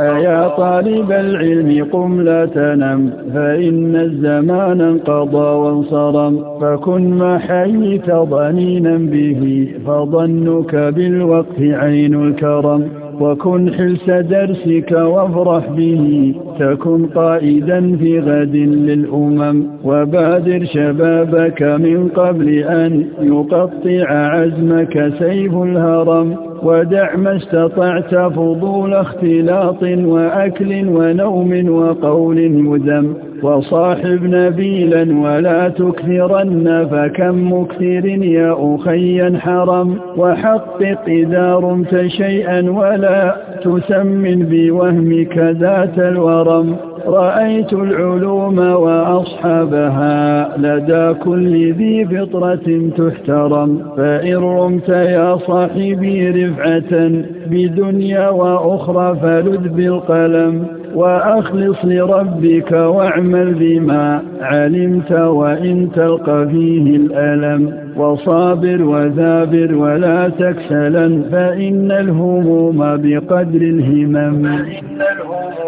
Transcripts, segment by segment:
أيا طالب العلم قم لا تنم فإن الزمان انقضى وانصرم فكن ما حييت ضنينا به فظنك بالوقت عين الكرم وكن حلس درسك وافرح به تكن قائدا في غد للأمم وبادر شبابك من قبل أن يقطع عزمك سيف الهرم ودع ما استطعت فضول اختلاط وأكل ونوم وقول مذم وصاحب نبيلا ولا تكثرن فكم مكثر يا أخي حرم وحقق إذا رمت شيئا ولا تسمن بوهمك ذات الورم رأيت العلوم وأصحابها لدى كل ذي فطرة تحترم فإن رمت يا صاحبي رفعة بدنيا وأخرى فلذ بالقلم وأخلص لربك واعمل بما علمت وإن تلقى فيه الألم وصابر وذابر ولا تكسلا فإن الهموم بقدر الهمم فإن الهموم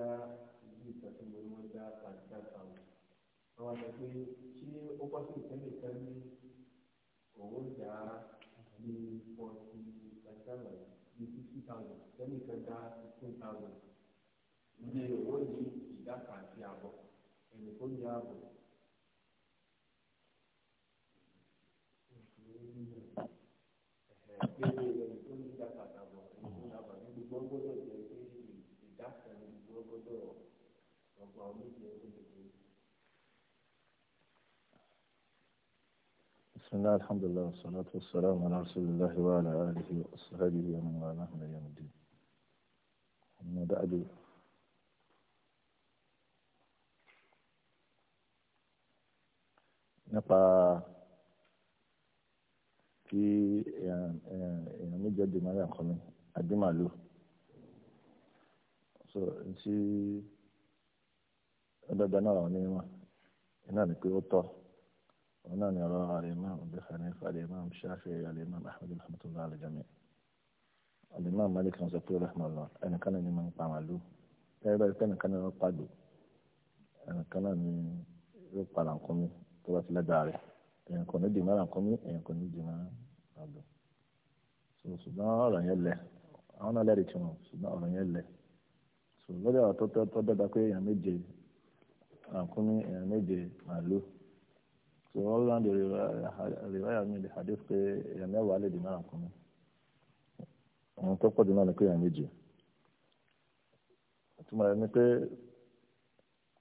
dá ibi ìtàkùn mọ́ ni wọ́n dá àdìdá táwọn àwọn àgbà pé ṣé ó bá sí ìtẹ́lẹ̀ kan ní òun dá ní forty thousand ní fifty thousand tẹ́lẹ̀ kan dá fifteen thousand ní òun ní ìdá kan àti àbọ̀ ẹnì kò ní àbọ̀. بسم الله الحمد لله والصلاة والسلام على رسول الله وعلى آله وصحبه ومن والاه إلى يوم الدين أما بعد nípa kí èèyàn méjì ọdún máa yàn kọ́ mi àdìmàlú so ntí ọdọọdọ náà wà ní ìmọ̀ iná ni pé ó tọ́. ونحن نرى الإمام أبي حنيفة الإمام الشافعي الإمام أحمد رحمة الله على الجميع الإمام مالك رحمه رحمه الله أنا كان الإمام قاملو ẹgbẹ́ ìpẹ́ni kan náà pàdé ẹnìkan náà ni yóò pa làǹkọ́mí tó bá ti lẹ́gbàá rẹ̀ èèyàn kò ní dì mọ́ làǹkọ́mí èèyàn kò ní dì mọ́ àgbò ṣùgbọ́n ọ̀rọ̀ yẹn lẹ̀ àwọn náà lẹ́rìí tiwọn ṣùgbọ́n ọ̀rọ̀ yẹn lẹ̀ ṣùgbọ́n lórí ọ̀rọ̀ tó dọ́gba pé èèyàn méje làǹkọ́mí èèyàn méje màálù tí wọ́n rán de rìwáyà mi lè hadith pé èèyàn mẹ́wàá lè dènà àkùnmí àwọn tó pọ̀ jù náà ni pé èèyàn méje ìtumọ̀ rẹ̀ ni pé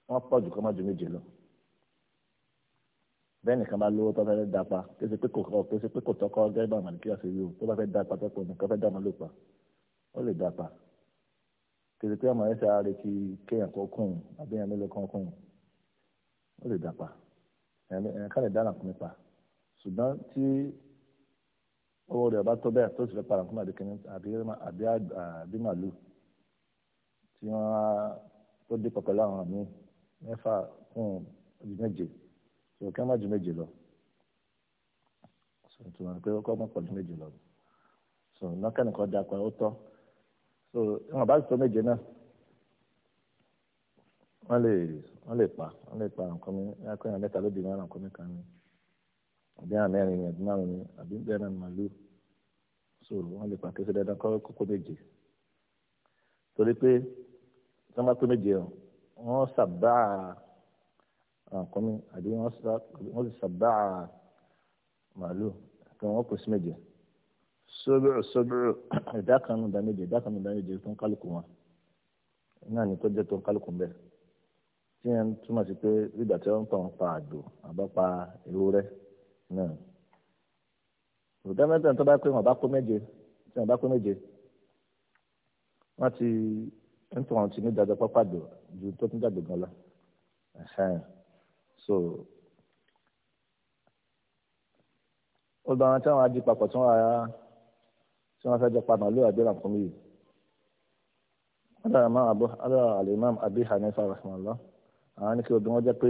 wọ́n pọ̀ jù kọ́ má ju méje lọ bẹ́ẹ̀ nìkan bá lówó tó fẹ́ dapa kése pé kò kọ́ kése pé kò tọ́kọ́ gẹ́gẹ́ bá àmàlìkí ọ̀sẹ̀ tó bá fẹ́ dapa tó pọ̀ nìkan fẹ́ dá ló pa ó lè dapa kése pé ọmọ ẹ̀ ṣe ara rẹ̀ kí kéèyàn kọ́ kùn àbí èèyàn mélòó kan kùn ó lè dapa ẹ̀yìn ká lè dá ràkúnmí pa ṣùgbọ́n tí owó rẹ̀ bá tó bẹ́ẹ̀ tó sì fẹ́ pa ràkúnmí àdékẹ́ni àbí àbí màlúù tí wọ́n tó dé pọ̀ pẹ̀lú àwọn míì mẹ́fà fún ju méje ṣòro kí wọ́n má ju méje lọ ṣòro tí wọ́n pé kọ́ pọ̀ ju méje lọ ṣòro lọ́kẹ́ni kan dapò ó tọ́ ṣòro ìwọ̀n bá ti tó méje náà wọ́n lè wọ́n lè pa wọ́n lè pa nǹkan mi akọ́yàn mẹ́ta ló di mọ́ra nǹkan mi kan ni àbí àwọn mẹ́rin ni àbí márùn ni àbí bẹ́ẹ̀ náà màálù so wọ́n lè pa kéṣe dandan kókó méje torí pé sọ́mà tó méje ọ̀ wọ́n sàbá nǹkan mi àbí wọ́n ti sàbá màálù kí wọ́n kò sí méje sóbìrì sóbìrì ìdá kan nù dá méje ìdá kan nù dá méje tó ń kálukú wọn náà ni tó jẹ́ tó ń kálukú bẹ́ẹ̀ tí yẹn túmọ̀ sí pé ìgbà tí wọ́n ń tàn pa àgbò àbọ̀ pa ewúrẹ́ náà olùdámẹ́tẹ̀ tó bá pé wọn bá kó méje tí wọn bá kó méje wọ́n ti ń tàn ti ní dájọ́ pápádò ju tó tún dàgbò gan lọ so olùdámẹ́tẹ̀ tí wọ́n á di papọ̀ tí wọ́n á tí wọ́n fẹ́ jọ pa màálù àgbẹ̀rẹ̀ àkọ́mí yìí. هذا ما أبو هذا الإمام أبي حنيفة رحمه الله àwọn ní kí obìnrin wọn jẹ́ pé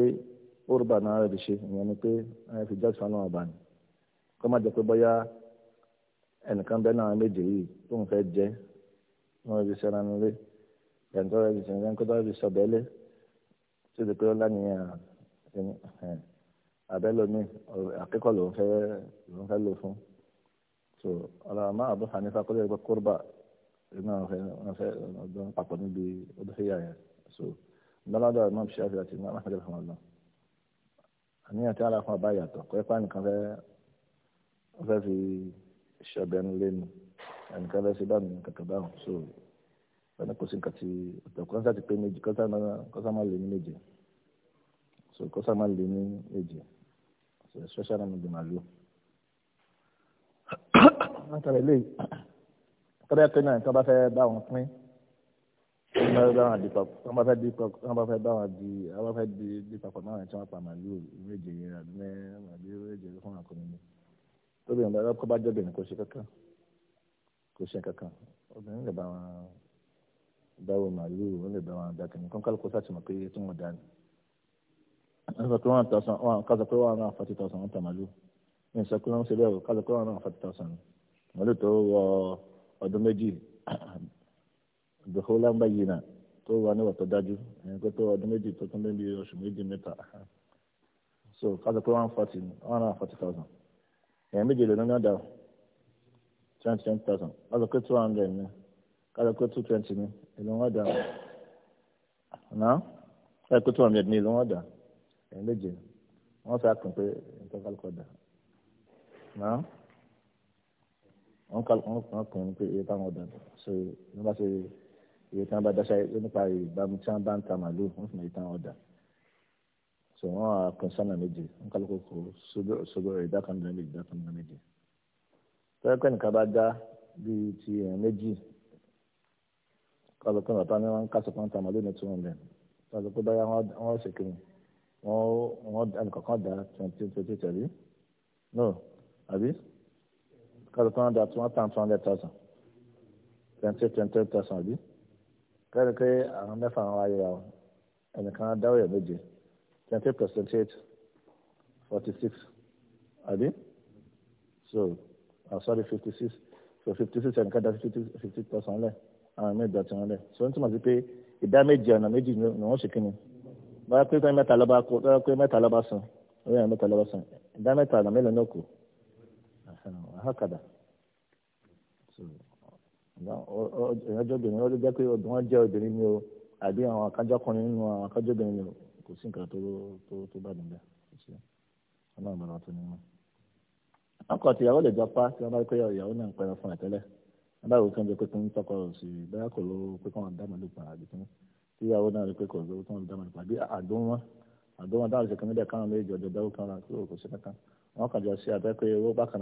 orúbà náà rẹ̀ ti ṣe ìyẹn ni pé ẹ fi jọ́sìn ọlọ́run ọba ni kó má jẹ́ pé bóyá ẹnìkan bẹ́ẹ̀ náà méje yìí tó ń fẹ́ jẹ́ wọn fi ṣẹran nílé ẹnìkan rẹ̀ ti ṣẹran kó tó rẹ̀ fi ṣọ̀bẹ́lé tó ti pé ó lánìyàn abẹ́lómi akẹ́kọ̀ọ́ lòún fẹ́ lòún fẹ́ lò fún so ọlọ́mọ Abu Hanifa kó lè gbọ́ kórba iná ọ̀fẹ́ ọ̀fẹ́ ọ̀dọ́ papọ̀ níbi ọdún fẹ́yà yẹn so lọ́lọ́dọ̀ imam shafi àti imam ahmed alhamdulilah àníyàn tí aláfọ bá yàtọ̀ kọ́ ipá nìkan fẹ́ fẹ́ fi ṣọ̀bẹ̀nu lẹ́nu ẹnìkan fẹ́ ṣe bá mi kàkà báwọn so ẹni kò sí nǹkan tí ọ̀tọ̀ kọ́ńtà ti pé méjì kọ́ńtà máa lè ní méje so kọ́ńtà máa lè ní méje so especially nínú ìgbìmọ̀lú. látara eléyìí tọ́lá pé náà ìtọ́ bá fẹ́ bá wọn pín wọ́n bá fẹ́ bá wọn di papọ̀ wọ́n bá fẹ́ di papọ̀ wọ́n bá fẹ́ bá wọn di wọ́n bá fẹ́ di di papọ̀ náà tí wọ́n pa màálù méje yẹn àbí mẹ́rin àbí méje fún àkọ́ni ni lóbìnrin bá lọ́kọ́ bá jọ́bìnrin kò ṣe kankan kò ṣe kankan obìnrin lè bá wọn dáwọ màálù wọ́n lè bá wọn dá kìnnìkan kọ́ńkálù kó sá ti mọ̀ pé iye tí wọ́n dá ni. wọ́n sọ pé wọ́n tọ́sán wọ́n kásọ pé wọ́n náà forty thousand wọ́n ta màálù wọ́n sọ pé wọ́n ṣe bẹ́ẹ̀ kásọ pé wọ́n náà forty thousand màálù tó wọ ọdún méjì dùkúlá ń bá yìí náà tó wà níwà tó dájú ẹ̀yìn kó tó ọdún méjì tó tún lébi oṣù méjì mẹ́ta so kájọ pé one forty one hundred and forty thousand ẹ̀yìn méjì lè lóyún ọ̀dà twenty twenty thousand kájọ pé two hundred ni kájọ pé two twenty ni ìlú wọn dà ọ̀nà kájọ pé two hundred ni ìlú wọn dà ẹ̀yìn méjì wọn fẹ́ kàn pé nǹkan kálukọ̀ dà ọ̀nà wọn kàn pé iye táwọn dà so ní bá ṣe iye tí wọ́n bá dáṣá nípa ìbámu tí wọ́n bá ń ta màálù wọ́n sì mọ iye tí wọ́n ọ̀dà so wọ́n á pín sọ́nà méje wọ́n kálukú kó sóbò ìdá kan nínú méje ìdá kan nínú méje tọ́wọ́ pẹ́ nìkan bá dá bíi ti èèyàn méjì kálukú bàbá ni wọ́n ń kásọ̀ pọ́n ta màálù ní two hundred kálukú báyà wọ́n ṣe kí wọ́n ẹnìkọ̀ọ̀kan dá twenty twenty tẹ̀lé no àbí kálukú wọn dá two twenty thousand twenty twenty thousand àbí kẹ́rin pé àwọn mẹ́fà wọn wáyé wa ẹnìkan dáwọ̀ yẹn méje twenty percent eight forty six àbí so i'm ah, sorry fifty six so fifty six ẹnìkan dá fifty percent lẹ̀ àwọn ẹ̀mí ìdọ̀tí wọn lẹ̀ so n túmọ̀ sí pé ìdá méje ọ̀nà méjì ni wọ́n ṣe kí ni báyà pé pé mẹ́ta lọ́ba kó báyà pé mẹ́ta lọ́ba sàn ó yẹ mẹ́ta lọ́ba sàn ìdá mẹ́ta ọ̀nà mélòó ní òkú àhàkàdà so. ìrìnàjò obìnrin ọdún jẹ́ pé ọdún wọn jẹ́ obìnrin ni o àbí àwọn akájọ́ ọkùnrin nínú àwọn akájọ́ obìnrin ni o kò sí nǹkan tó tó bá nílẹ̀ kò sí ọlọ́run bàbá tó ní wọn. ọkọ lè jọ pa tí wọ́n bá rí pé ìyàwó náà ń fún bá pé kí tọkọ sí i kò ló pé kí dá màlúù pa àbí tí ìyàwó náà rí pé kò ló dá màlúù pa àbí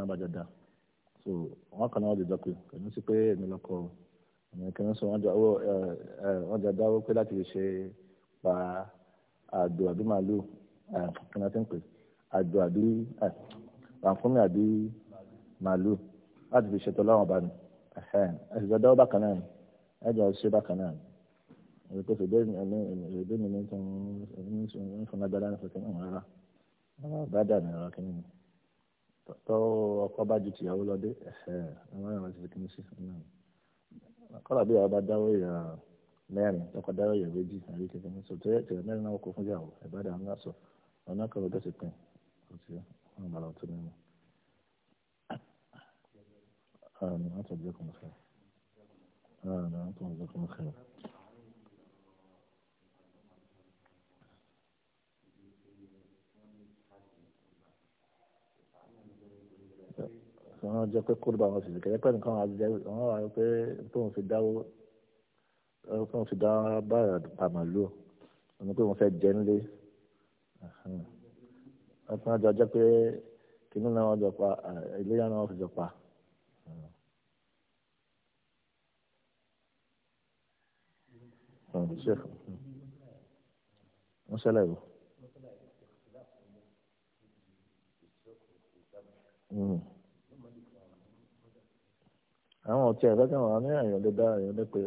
wọn wọn so wọn kàn náà wọ́n jọjọ pé kàní sí pé èmi lọ́kọ èmi kàní sọ wọ́n jọ owó wọ́n jọ dáwọ́ pé láti ṣe pa àdó àbí màálù kàní àti ń pè àdó àbí rànfúnmi àbí màálù láti fi ṣètò láwọn ọba ni ẹ̀sìn jọ dáwọ́ bákan náà ni ẹ̀jọ̀ ṣe bákan náà ni èyí tó fìdí èmi ní tó ń fún agbára ní fún kí ni rárá bá dà ní rárá kí ni tọ́ ọkọ bá ju tìyàwó lọ dé àwọn èèyàn ti fi kí n sí kọ́lá bí àwọn bá dáwọ́ èèyàn mẹ́rin lọ́kọ̀ dáwọ́ èèyàn méjì àbí kẹ̀kẹ́ ní sọ̀tọ́ ẹ̀ tẹ̀lé mẹ́rin náà kó fún ìyàwó ìbádà ńlá sọ ọ̀nà kan ló dọ̀sẹ̀ pin ọ̀tí wọn bàlá ọ̀tún nínú. ọ̀nà àtọ̀jọ́ kan fẹ́ ọ̀nà àtọ̀jọ́ kan fẹ́. wọn jẹ́ pé kó ló bá wọn sì kẹ́kẹ́ pẹ́ nìkan àjẹ́ wọn wà pé tóun fi dáwó tóun fi dá báyà pàmòlò wọn pé wọn fẹ́ jẹ́ nílé wọn fún ọjọ́ jẹ́ pé kínní náà wọn jọ pa iléyà náà wọn fi jọ pa. wọ́n ṣẹlẹ̀ o. Mm-hmm àwọn ọtí àgbẹ̀kẹ́ wọn ní èèyàn lè dá èèyàn lè pè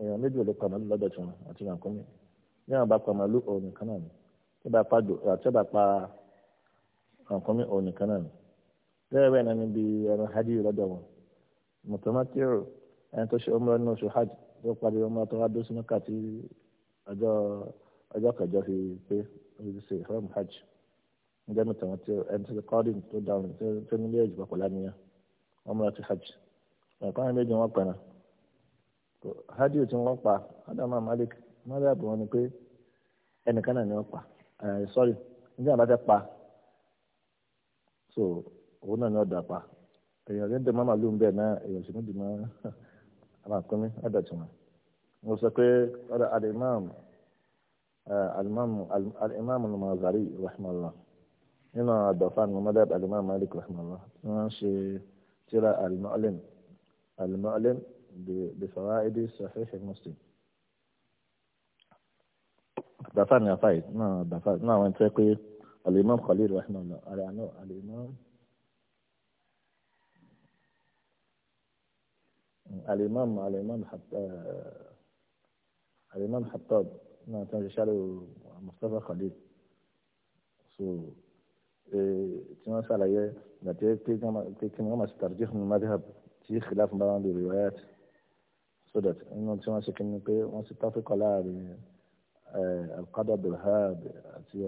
èèyàn méjì lè pàmò lọ́dọ̀ tí wọn àti nàkúnmí ní àwọn bá pàmò lù òun nìkan náà ni tí bá pa àti bá pa nàkúnmí òun nìkan náà ni lẹ́yìn bẹ́ẹ̀ náà ni bí ẹran hajj lọ́dọ̀ wọn mùtọ́mátìrò ẹni tó ṣe ọmọ inú oṣù hajj tó parí ọmọ tó wá dó sínú kàtí ọjọ́ ọjọ́ kẹjọ fi pé ó ti ṣe ìfọ́n hajj ń jẹ́ mùtọ́mátìrò ẹni tó ṣe na àwọn méjì wọn pẹ̀ràn hádìó tí wọ́n pa ádámà malik mádàbù wọn ni pé ẹnìkan náà ni wọ́n pa eh, sọ́rí nígbà bá pa so òun náà ni ọ̀dà pa èèyàn ló ń dẹ̀ mọ́mà lóun bẹ́ẹ̀ náà èèyàn sì ń dì tí wọn. mo sọ pé eh, alimam alimam alimam mazari rahmanlah nínú ni malik ṣe tíra المعلم بفوائد صحيح مسلم دفعنا فايد ما دفعنا ما وين الإمام خليل رحمه الله على أنه الإمام الإمام الإمام حتى الإمام حطاب ما تنجي شالو مصطفى خليل سو إيه، تنجي شالو نتيجة كي كما كي كما مسترجح من المذهب tí ìkìláfù bá wọn lórí wáyà tì so that inú tí wọ́n ṣe kí ni pé wọ́n ti táfíkọ̀ láàrin alqada abdulhad àti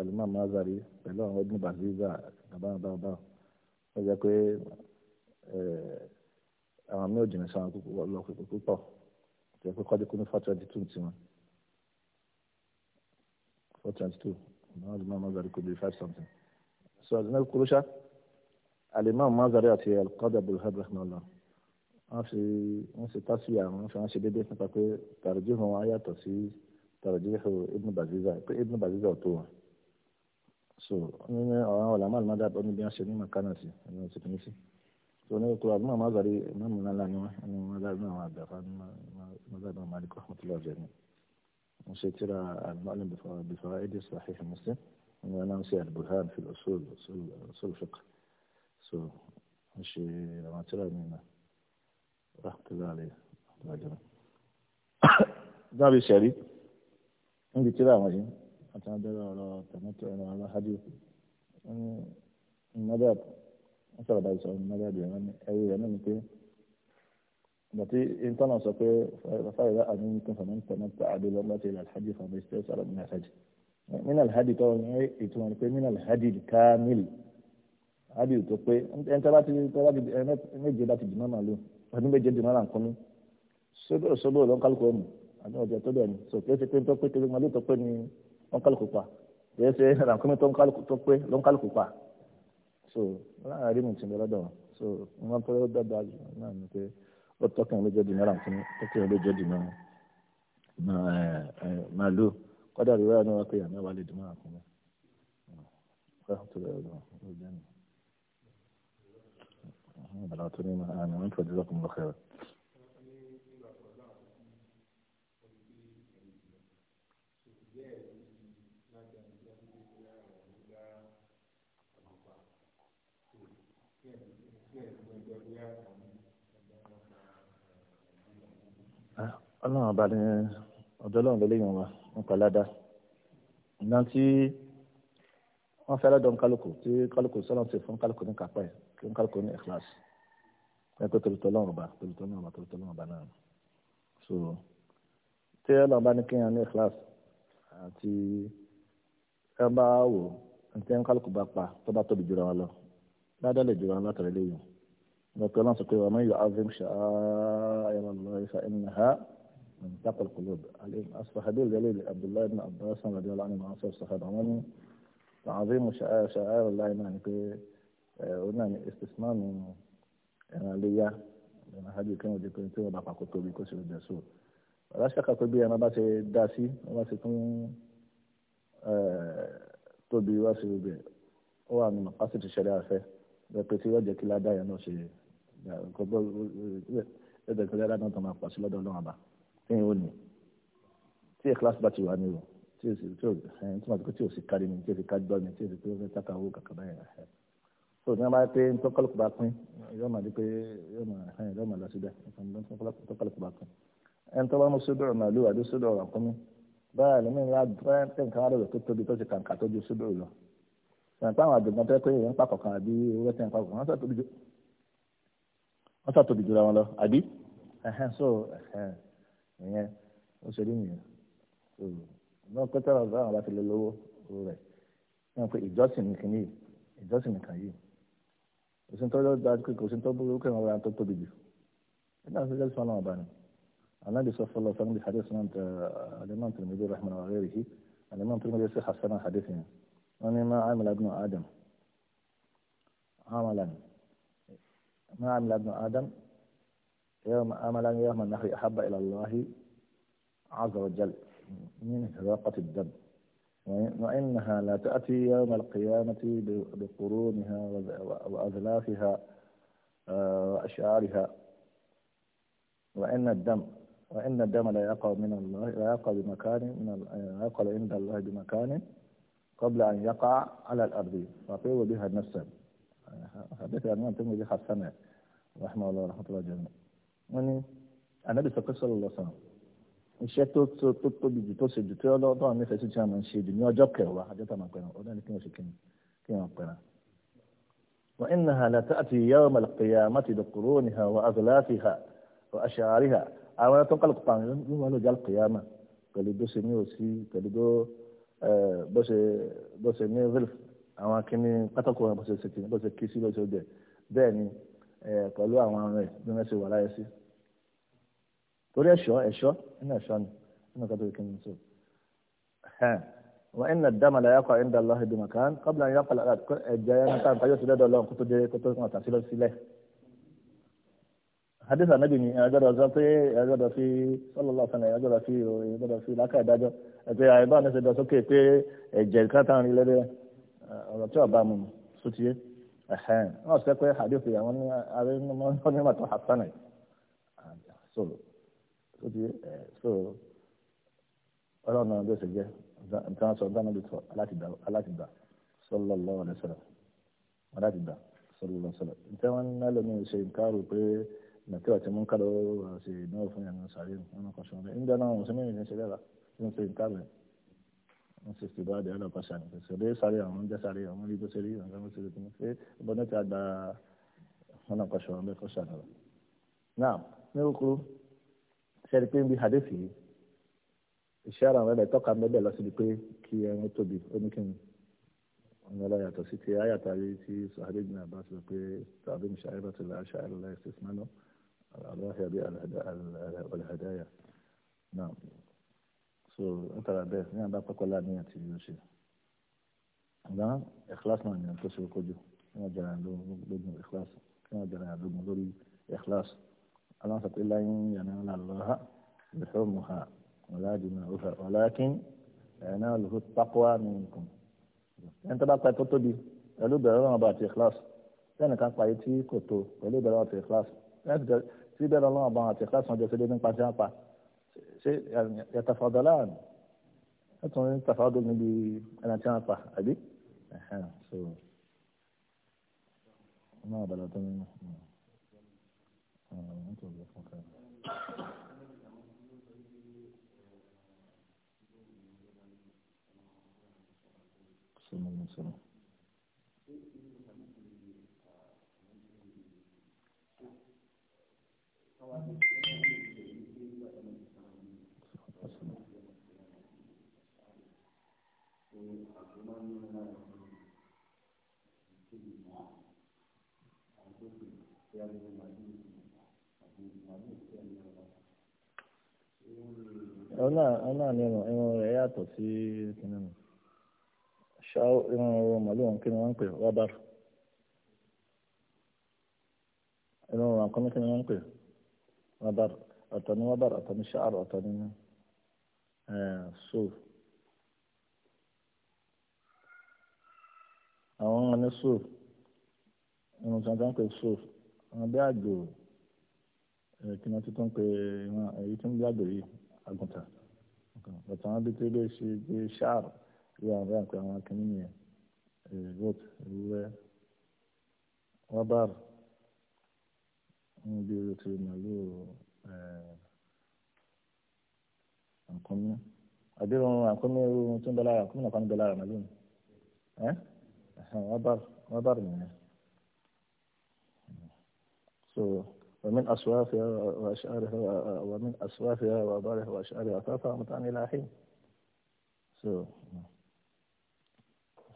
alimam mazari pẹ̀lú àwọn ọdún baziza bàbá ó jẹ́ pé àwọn mi ò jìnnà sí àwọn lọ púpọ̀ jẹ́ pé kọ́dé kú ní four twenty two tiwọn four twenty two àwọn alimam mazari kò bí five something so àdínà kúrú ṣáà. الإمام ماذا رأيت في القدر بالهب رحمه الله أنسي أنسي تسيا أنسي أنسي بديت نفكر ترجيح معايا تسيز ترجيح ابن بزيزة ابن بزيزة وطوة سو أنا أنا ولا مال ماذا أبغى نبيع سني مكان أنا أنسي تنسي سو أنا كل أنا ماذا لي ما من الله نوع أنا ماذا أنا ماذا فان ما ماذا ما مالك رحمة الله جميع أنسي ترى المعلم بفوائد صحيح مسلم أنا أنسي البرهان في الأصول أصول أصول فقه so wọ́n ṣe àwọn tíra mi náà rákìlá rẹ̀ lọ́jọ́ náà. dábì sẹ́rí níbi tíra àwọn yìí àti abẹ́rẹ́ ọ̀rọ̀ tẹ̀mẹ́tẹ̀ ọ̀rọ̀ aláhádìó wọ́n ní mọ́dàb wọ́n sọ̀rọ̀ báyìí sọ̀rọ̀ mọ́dàb yẹn wọ́n ní ẹ̀rí rẹ̀ náà ni pé bàtí intanet sọ pé fáyọ̀dá àmì ń tún fàmí tẹ̀mẹ́tẹ̀ àdúrà láti ilẹ̀ alhaji fàmí sọ̀rọ̀ mí alhaji mí alhaji tọ́wọ́ ní ètò wọn pé mí alhaji àbí ò tó pé ẹni tí a bá ti méje bá ti dì mọ́mọ́ lò ọdún méje dì mọ́mọ́ nǹkan mi sódò sódò ló kálukú ọmọ àbí ọjọ́ tó bẹ̀ ni sọ pé ṣe pé tó pé ló tó pé ni wọ́n kálukú pa kì ṣe nǹkan tó pé so láàárín mi ti lọ́dọ̀ so wọ́n fẹ́ dáadáa náà ni pé ó tọ́kàn ló jẹ́ mi tọ́kàn ló jẹ́ dì mọ́mọ́ màlúù kọ́dà بلا تنيم أنا أنت وجزاكم الله خيرا ọlọ́run ọba ni ọ̀dọ́ ọlọ́run ló léyìn wa wọn kọ́ ládàá ìgbà tí wọ́n fẹ́ lọ́dọ̀ kálukú tí kálukú sọ́lọ́n ti fún kálukú ní kápá kí n kálukú ní ikhlas ẹ pé tòlùtò lọ́rùn bá tòlùtò lọ́rùn bá tòlùtò lọ́rùn bá náà so tí ẹ lọ́n bá ní kéèyàn ní ikhlas àti ẹ bá wò ntí ẹ kálukú bá pa tó bá tóbi jura wọn lọ dáadáa lè jura wọn látàrí léyìn ẹ pé ọlọ́run sọ pé wọn yọ azim sha'a'ira Allahi fa innaha من تقى القلوب أصبح دليل عبدالله بن عباس رضي الله عنه وعن الصحابة تعظيم شعائر الله يعني òun náà ní istismar ní ẹran léyà ẹran hajj kí wọn jẹ pé tí wọn bá pàkó tóbi kó sì rọjò sóò aláṣàkà pé bí ẹran bá ṣe dá sí wọn bá ṣe tún tóbi wá sí ibẹ̀ ó wà nínú pásítì ṣẹlẹ̀ àfẹ lẹpẹ tí wọn jẹ kí ládàá yẹn náà ṣe gbogbo ẹgbẹ́ ìpínlẹ̀ ládàá náà tó máa pọ̀ sí lọ́dọ̀ Ọlọ́run àbá tí yìí ó ní tí ìkíláàsì bá ti wà ní o tí o sì tí o tí o sì kárí mi tí o sì ká gbọ́ mi tí o sì tí o fẹ́ tákàwó kàkàbáyà ẹ̀ so ní wọn bá pé ntọ́kọ̀lùkù bá pín yóò máa di pé yóò máa hàn yóò máa lọ síbẹ̀ ntọ́kọ̀lùkù bá pín ẹni tó bá mú sódòrò màálù àdó sódòrò rà kúnmí báyà lómi ní adúlẹ̀ nǹkan alẹ́ rẹ̀ tó tóbi tó ti kàǹkà tó ju sódòrò lọ sọ̀rọ̀ táwọn àdùnkàn tó yẹ pé èèyàn ń pàkọ̀ kan àbí ewúrẹ́ tẹ̀ ń pàkọ̀ kan wọ́n sà tóbi jura wọn lọ àbí so ìyẹn wọn pé ìjọsìn nìkan kò sí ní tọ́jú dájú pé kò sí ní tọ́jú burúkú ẹ̀wọ̀n wẹ̀rẹ̀ tó tóbi jù ẹ̀dá àti ìjọba ìfọ̀nà ọ̀bà ni النبي صلى الله عليه وسلم بحديث الإمام الترمذي رحمه الله وغيره الإمام الترمذي يصح حسنا حديثنا أن ما عمل ابن آدم عملا ما عمل ابن آدم يوم عملا يوم النحر أحب إلى الله عز وجل من هراقة الدم وإنها لا تأتي يوم القيامة بقرونها وأذلافها آه، وأشعارها وإن الدم وإن الدم لا يقع من الله لا يقع بمكان من لا يقع عند الله بمكان قبل أن يقع على الأرض فقيل بها نفسا حديث الإمام الترمذي حسنه رحمه الله ورحمة الله جميعا. يعني النبي صلى الله عليه وسلم iṣẹ́ tó tó tóbi jù tó ṣe jù tó lọ́wọ́ tó wà nífẹ̀ẹ́ sí tí a máa ń ṣe jù ní ọjọ́ kẹwàá àjọ tá a máa pẹ̀ràn ọdún ní kí wọ́n ṣe kí wọ́n pẹ̀ràn. wa innaha la ta'ti yawm al-qiyamati bi quruniha wa aghlafiha wa ash'ariha àwọn ẹ̀tọ́ kálukú ní wọn lójà al-qiyama pẹ̀lú bó ṣe ní òsì pẹ̀lú bó ṣe ní rilf àwọn akíní pátákó wọn bó ṣe kí sí bó ṣe jẹ bẹ́ẹ̀ ni pẹ̀lú àwọn ọ̀rẹ́ bí wọ́n ṣe wà láyé sí torí ẹ̀ṣọ́ ẹ̀ṣọ́ nínú ẹ̀ṣọ́ ni nínú kátó kí n sọ wọn ẹnna dama la yakọ ẹnda lọhẹ dùnmọ kan kọbìlà yẹn kọlà ẹjẹ yẹn kan kájọ sílẹ̀ dọlọ kótó dé kótó kan tà sílẹ̀ sílẹ̀ hadith anabi ni ẹ gbọ́dọ̀ sọ pé ẹ gbọ́dọ̀ fi sọlọlọ fẹnẹ ẹ gbọ́dọ̀ fi ẹ gbọ́dọ̀ fi làákà ìdájọ́ ẹgbẹ àìbá ní ṣe dọ sókè pé ẹ̀jẹ̀ kan tàn rí lẹdẹ ó ti so ọlọ́run náà bẹ́sẹ̀ jẹ́ nǹkan sọ dáná lè sọ alátìgbà sallallahu alaihi wasallam alátìgbà sallallahu alaihi wasallam nǹkan wọn náà lómi ṣe nǹkan rò pé nàkí àti mú kálọ̀ ṣe ìdánwò fún yàrá sàárè nínú kan ṣọ́nà nígbà náà wọn sì mí ní ṣe dára ń ṣe nǹkan rẹ̀ ń ṣe ṣe bá dẹ̀ ọlọ́pàá ṣàní ṣe lé sáré àwọn oúnjẹ sáré àwọn orí tó ṣe rí nǹkan tó ṣe rí kìíní pé ọbọ̀ náà ti àgbà ọlọ́pàá ṣọ̀rọ̀ mẹ́kọ̀ọ́ sẹ́ni pé ń bí hadisi yìí iṣẹ́ ara rẹ̀ tọ́ka mẹ́bẹ̀ lọ síbi pé kí ẹran tóbi ó ní kí n ọ̀nà ọ̀la yàtọ̀ sí ti ayàtọ̀ ayé tí sọ̀hádé gbìn àbá sọ pé tàbí mi ṣàyẹ̀ bàtà lọ aṣọ àìlọ́lá ẹ̀sẹ̀ sinaná aláhìá bí alhàdáyà náà so ń tara bẹ́ẹ̀ ní àbá pẹ́kọ́ láàrin àti ìlú ṣe ọ̀gá ẹ̀kílásì náà ni tó ṣe kójú kí wọ́n jẹ́ra lógun lógun lórí ẹ̀kílásì ọlọ́run sọ pé láyé yàrá làlọ́hà lùsọ́mùhà ọ̀làdìmọ̀ òfà ọ̀làkín ẹ̀yìn olùkọ́ pákóá mi nǹkan ẹni tó bá pa tó tóbi pẹ̀lú ìbẹ̀rù ọlọ́run ọba àti ìkíláàsì sẹ́ni kan pa etí kò tó pẹ̀lú ìbẹ̀rù ọba àti ìkíláàsì tí ìbẹ̀rù ọlọ́run ọba àti ìkíláàsì wọn jọ sí sọ̀rọ̀. Thank you. ọ̀nà ọ̀nà irun rẹ̀ yàtọ̀ sí kìnìún ṣáó irun ọ̀rọ̀ màlúù wọn kí ni ń pè rọ́bàrù irun ọ̀rọ̀ àkọ́ni kí ni ń pè rọ́bàrù ọ̀tọ̀ ni rọ́bàrù ọ̀tọ̀ ni ṣáàrù ọ̀tọ̀ ni sóòfù àwọn ọmọ ní sóòfù irun tí àgùntàn bàtà wọn bí tó lè ṣe bí ṣáàrù bí àwọn bá ń pè àwọn akínní nìyẹn goat ewúrẹ́ rọ́bàrù ń bí o ti màlúù àkúnmí àbí ohun àkúnmí ohun tó ń bẹ lára àkúnmí nàkan ń bẹ lára màlúù ẹ rọ́bàrù rọ́bàrù nìyẹn so. ومن أصوافها وأشعارها ومن أصوافها وأبارها وأشعارها تطعمت إلى حين so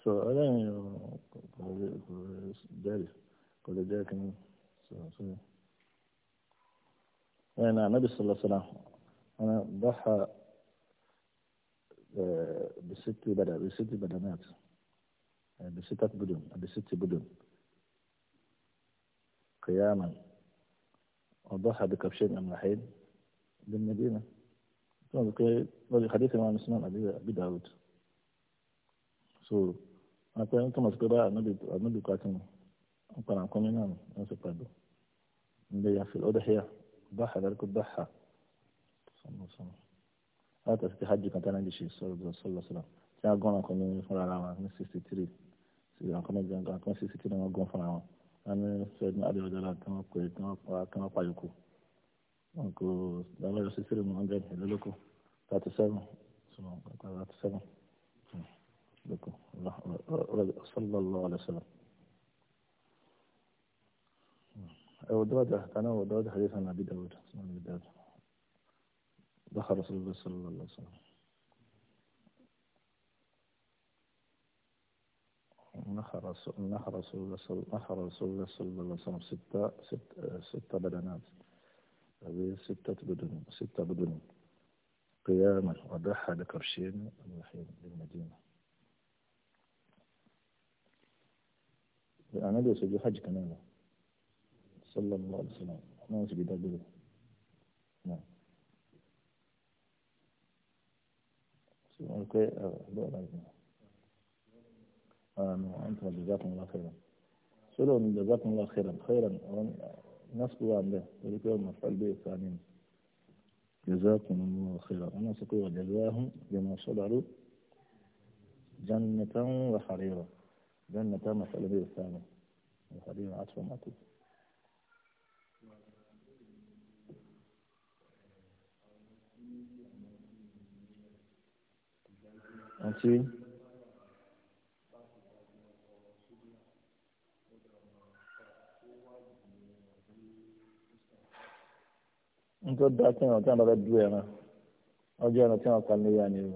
so أنا يعني كل ذلك كل ذلك أنا النبي صلى الله عليه وسلم أنا ضحى آه، بست بدن بست بدنات يعني بستة بدن بست بدن قياما وضحى بكبشين أملحين بالمدينة ثم ذكر حديث الإمام مسلم أبي داود so wọn pe n túmọ̀ sí pé báyà ànábì kọ́ àti wọn kọ́ àwọn kọ́mí náà wọn sì pàdé ndé ya fi ọdọ hẹ́yà báhà dárí kó báhà sọmọ sọmọ láti àti hajj kan tánà jìṣì sọ̀rọ̀ bọ̀ sọlọ sọlọ tí wọn gún àwọn kọ́mí fúnra wọn ní sixty three sixty three wọn gún fúnra àmì sẹ́gun adéwájára tí wọ́n pè tí wọ́n pa tí wọ́n pa yòókù wọn kò dábàá yọ sí three hundred lóko thirty seven thirty seven hmm. lóko sallallahu alayhi wa sallam. ودود أنا ودود حديث عن أبي داود دخل رسول الله صلى الله عليه وسلم نحر رسول نحر رسول نحر صلى الله عليه وسلم ستة ست ست بدنات هذه ستة بدن ستة بدن قياما وضحى لكرشين الوحيد للمدينة أنا جالس في حج كمان صلى الله عليه وسلم ما سجل بدن نعم سبحان الله آمين أنتم جزاكم الله خيرا سلون جزاكم الله خيرا خيرا الناس كلها به ذلك يوم مفعول به الثانيين جزاكم الله خيرا أنا سكوا جزاهم بما صبروا جنة وحريرا جنة مفعول به الثاني وحريرا عطف Thank you. nítorí dá tí wọn tí wọn bá fẹ́ du ẹran ọjọ́ ẹran tí wọn pa ní ìyá ni o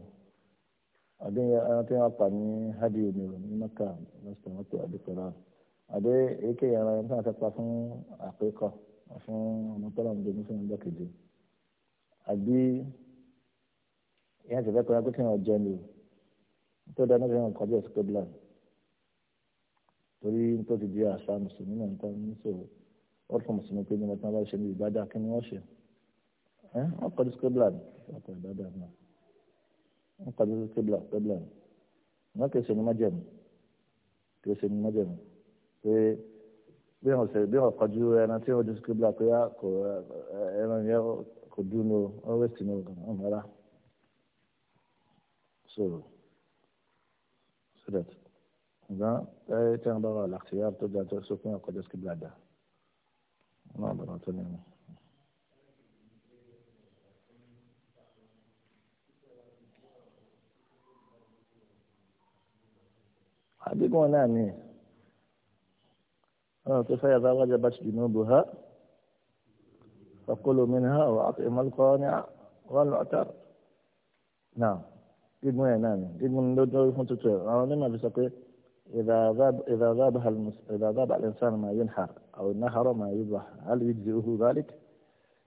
àbí ẹran tí wọn pa ní hadi ni o ní mẹ́ka lọ́sọ̀tàn wọn pè àbí pẹ̀lú àwọn àbí èké ẹran tí wọn fẹ́ pa fún àpékọ fún ọmọtọ́lá ọmọdé ní fún ọjọ́ kejì àbí ìyá ti fẹ́ pẹ́ẹ́rẹ́ pé wọn jẹ ni o nítorí dá nítorí wọn kọjú ẹ̀sìn kébìlà torí nítorí ti di àṣà mùsùlùmí náà nítorí nítorí wọ́n fún mùsùlùmí pé ní wọn tí wọn bá ṣe ní ìbádà kí ni wọ́n ṣe wọ́n kọjú sí kébìlà ni ọkọ̀ ìdájọ́ àná wọ́n kọjú sí kébìlà kébìlà ni wọ́n kì í ṣe ní májẹ̀mú kì í ṣe ní májẹ̀mú pé bí wọ́n ṣe bí wọ́n kọjú ẹran tí wọ́n kọjú sí kébìlà pé kò ẹran o wọ́n wéṣì ní o kàn so so that ǹgbọ́n ẹ tí wọ́n bá wà láti yára tó dáa tó sọ fún ọkọ̀ jẹ́sí kébìlà dáa wọ́n àbíkún náà ni ọ̀nà tó fẹ́yà bá wájà bá ti dùnú bò ha ọ̀kọ́lù mi ni ha ọ̀ àti ìmọ̀lùkọ́ ni wọ́n lọ ọ̀tá náà gígùn ẹ̀ náà ni gígùn lójú fún tuntun ẹ̀ àwọn onímọ̀ fi sọ pé إذا ذابح إذا ذابح الإنسان ما ينحر أو النحر ما يذبح هل يجزئه ذلك؟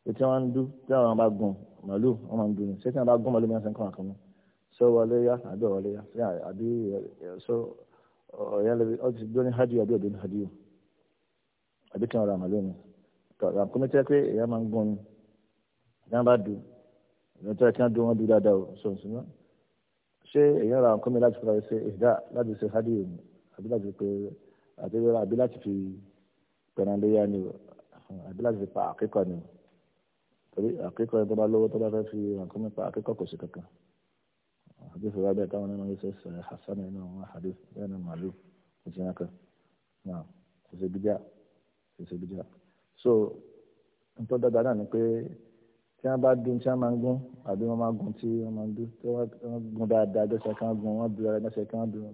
يتوان دو تاوان باغون مالو وما ندوني سيتان باغون مالو ميان سنكون أكمل سو وليا أدو وليا يعني أبي سو ọ̀yá lẹ́bi ó ti dóní hádìó àbí ọ̀dóní hádìó àbí kí wọ́n ra màlúù ni àwọn kọ́mẹ́tì pé èèyàn máa ń gbọ́n ni ní wọ́n bá du ìyẹn tó yẹ kí wọ́n du wọ́n du dáadáa o sọ̀rọ̀ sọ̀rọ̀ ṣé èèyàn ra kọ́mẹ́ láti fi ṣe ìdá láti ṣe hádìó ni àbí láti pe àti àbí láti fi pẹ̀nàléyà ni o àbí láti fi pa àkẹ́kọ̀ọ́ ni o torí àkẹ́kọ̀ọ́ yẹn tó bá lówó tó bá fẹ́ fi ra kọ́mẹ́ pa àkẹ́kọ̀ọ́ kò sí kankan hadith wa bẹ́ẹ̀ táwọn nínú yóò ṣe hasan nínú àwọn hadith bẹ́ẹ̀ ni màálù kò sí yàn kan náà kò sí bíjà kò sí bíjà so nítorí dáadáa náà ni pé tí wọ́n bá dún tí wọ́n máa ń gún àbí wọ́n máa gún tí wọ́n máa ń dún tí wọ́n gún dáadáa jọ́sẹ̀ kan gún wọ́n dúró jọ́sẹ̀ kan dúró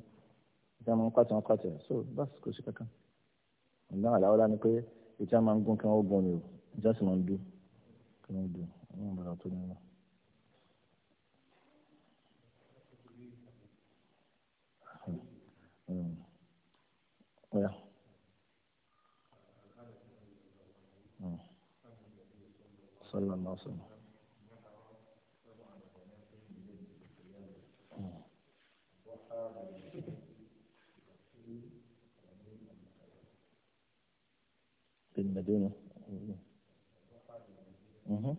tí wọ́n máa ń pàtẹ́ wọn pàtẹ́ so báṣ kò sí kankan ìdáhùn àláwọ́lá ni pé ìtí wọ́n máa ń gún kí wọ́n ó gún ni o ìtí wọ́n sì máa ń dún kí wọ́n ó dún wọ́n máa bàrà tó ní wọn. ọ̀yà. sọlá náà sọlá. المدينة اها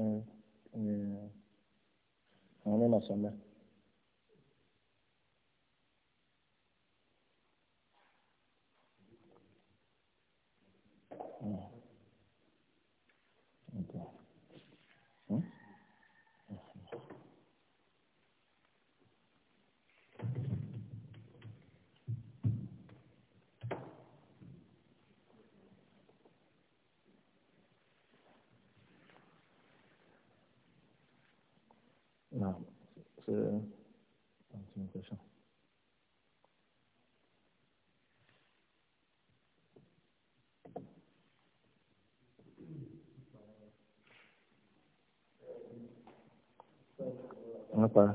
نعم àwọn mímọ̀ sọ Now, so, answering question. Not bad.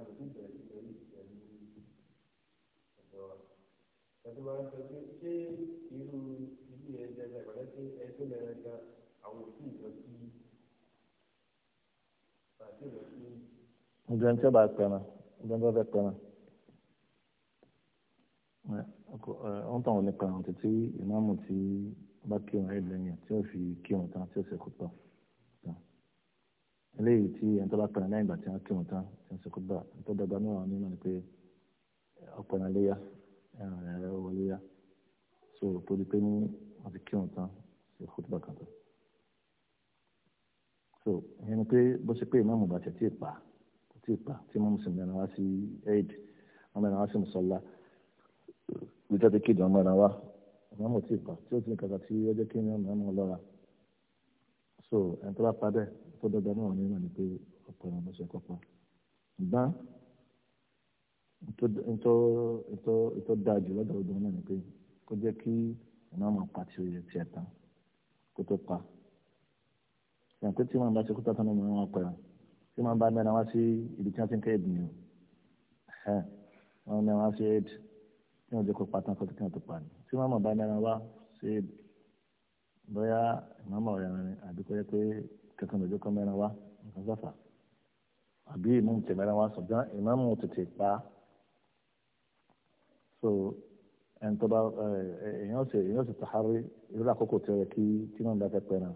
alòmí bẹ̀rẹ̀ sí lórí ìṣẹ́ ní ọ̀dọ́ wa. ẹtí máa ń sọ pé ṣé irú ilé ẹja ẹja ìpàdé pé ẹtí lẹ́rẹ̀ ga àwọn òbí ìlọ wọ́n tàn wọ́n nípa àwọn tètè ìmáàmù tí bá kírun ẹ̀ lẹ́yìn tí ó fi kírun tán tí ó sì kú tán eléyìí tí ẹni tó bá pẹ̀lú lẹ́yìn ìgbà tí wọ́n kírun tán tí wọ́n sèkú bá tó dọ́gba náà ní mọ̀ ni pé ọpọlọ léyà ẹran rẹ̀ wọ léyà so tó di pé ní wọ́n ti kírun tán sí kútùbà kan tán. so ìyẹn ni pé bó ṣe pé ìmáàmù bàtẹ̀ tí ì pa tí ì pa tí mọ́ mùsùlùmí ẹran wá sí eid wọ́n mẹ́ran wá sí mùsọ́lá gbígbá ti kéde ọmọ ẹran wá ìmáàmù tí ì pa tí ó ti ní kàkà tí ọjọ́ kí so ẹni tó tó dọ́gba náà ní ìmọ̀ ni pé ọ̀pọ̀ ẹran ló ṣe kọ́kọ́ ìgbà ètò dáa jù lọ́dọ̀ ọdún náà ni pé kó jẹ́ kí iná máa pa tí ó yẹ tiẹ̀ tán kó tó pa ìyàn pé tí wọ́n bá ṣe kó tán nínú wọn pẹ̀rọ tí wọ́n bá mẹ́ra wá sí ibi tí wọ́n ti ń kẹ́ẹ̀dì ni wọ́n mẹ́ra wá sí ẹ̀ẹ́dì tí wọ́n jẹ́ kó pa tán kó tó tó pa ni tí wọ́n bá mẹ́ra wá sí ẹ̀ẹ́dì bóyá ìmọ̀mọ̀ rẹ̀ rẹ̀ àbí yẹ pé kankan lójú kan mẹ́rin wá nǹkan sáfà àbí ìmáàmù tẹ̀ mẹ́rin wá ṣùgbọ́n ìmáàmù tètè pa so ẹn tó bá èèyàn ṣe èèyàn ṣe tàhárí irú àkókò tó yẹ kí tí wọ́n bá fẹ́ pẹ́ náà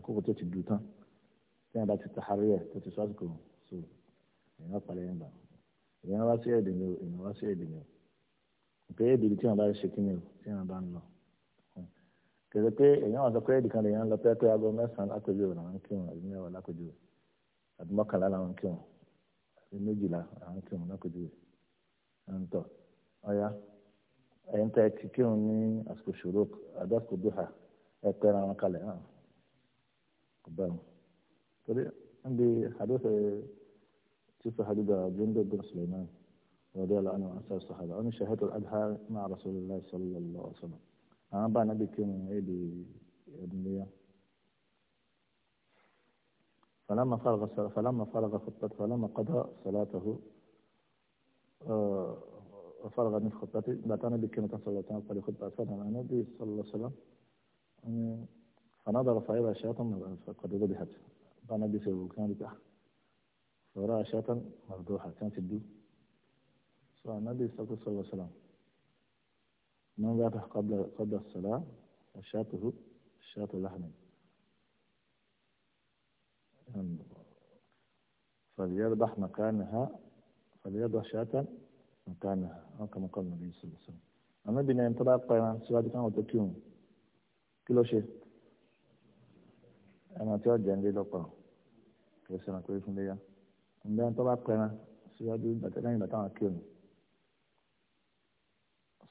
àkókò tó ti dùn tán tí wọ́n bá ti tàhárí ẹ̀ tó ti sọ àsìkò so èèyàn palẹ̀ yẹn gbà èèyàn wá sí ẹ̀dìnlẹ̀ èèyàn wá sí ẹ̀dìnlẹ̀ pé ẹ̀dìnlẹ̀ tí wọ́n bá ṣe kí ni o tí wọ́n bá ń lọ kèsì pé èèyàn sọ pé ìdìkan lèèyàn lọ pẹ́ẹ́pẹ́ aago mẹ́sàn-án lápèjú òun àwọn kírun àbí mẹ́wàá lápèjú àbí mọ́kànlá làwọn kírun àbí méjìlá àwọn kírun lápèjú ń tọ̀ ọ̀yá ẹ̀yìn tẹ́ ti kírun ní àsìkò ṣòro àdásìkò dúhà ẹ̀ pẹ́ẹ́rẹ́ àwọn kalẹ̀ hàn kò bá wọn. torí níbi àdóso tí sàhàdù bẹ̀rẹ̀ jẹ́ńdé bin Sulaiman rọ̀dí àlọ́ àná àṣà sàhàdù sallallahu alaihi àwọn bá nàbí فلما فرغ خطته فلما قضى صلاته وفرغ من خطته باتانا بكلمة صلى الله عليه وسلم قال خطبة أسفل عن النبي صلى الله عليه وسلم فنظر فإذا الشيطان فقد ذبحت بأنا بسبب كان بتاعها فرأى شاة مرضوحة كانت تدو فالنبي صلى الله عليه وسلم من ذبح قبل قبل الصلاة شاته شاة لحم فليذبح مكانها فليذبح شاة مكانها أو كما قال النبي صلى الله عليه وسلم النبي نعم تبع قيام سواد كان وتكيوم كل شيء أنا تواجه عندي لقاء كيف سنقول لكم ليا عندما تبع قيام سواد بتنعي بتنعي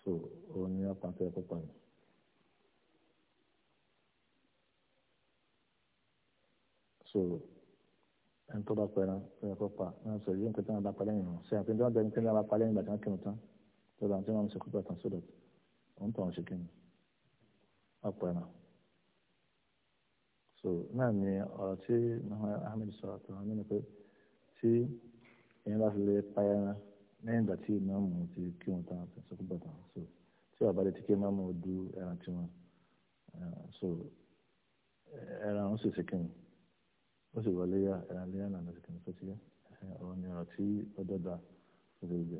so òun ni ọkàn tó yẹ kó pààyàn. so ẹni tó bá pẹran tó yẹ kó pa náà sọ yìí nǹkan tí wọn bá pa lẹ́yìn wọn ṣe àfihàn tí wọn bẹ ní kí wọn bá pa lẹ́yìn ìgbà tí wọn kírun tán tó bá tí wọn ṣe kópa tán sódò òun tó wọn ṣe kíni ọpẹran so náà ni ọ̀rọ̀ tí Ahmed sọ àtàwọn nínú pé tí èèyàn bá fi lè pa ẹran. na ìgbà tí ìmáàmù ti kí wọn tán àti sọ́kúbà tán so tí àbálẹ̀ ti kí ìmáàmù du ẹran tí wọn so ẹran ó sì ṣe kí ni ó sì wọlé na ẹran lé ẹran àti kí ni tó ti yá ọ̀rọ̀ ni ọ̀rọ̀ tí ó dọ́gba ọ̀dọ̀ ìgbà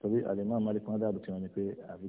tàbí àlèmọ́ àmàlẹ́ kan dáàbò tí wọ́n ní pé àfi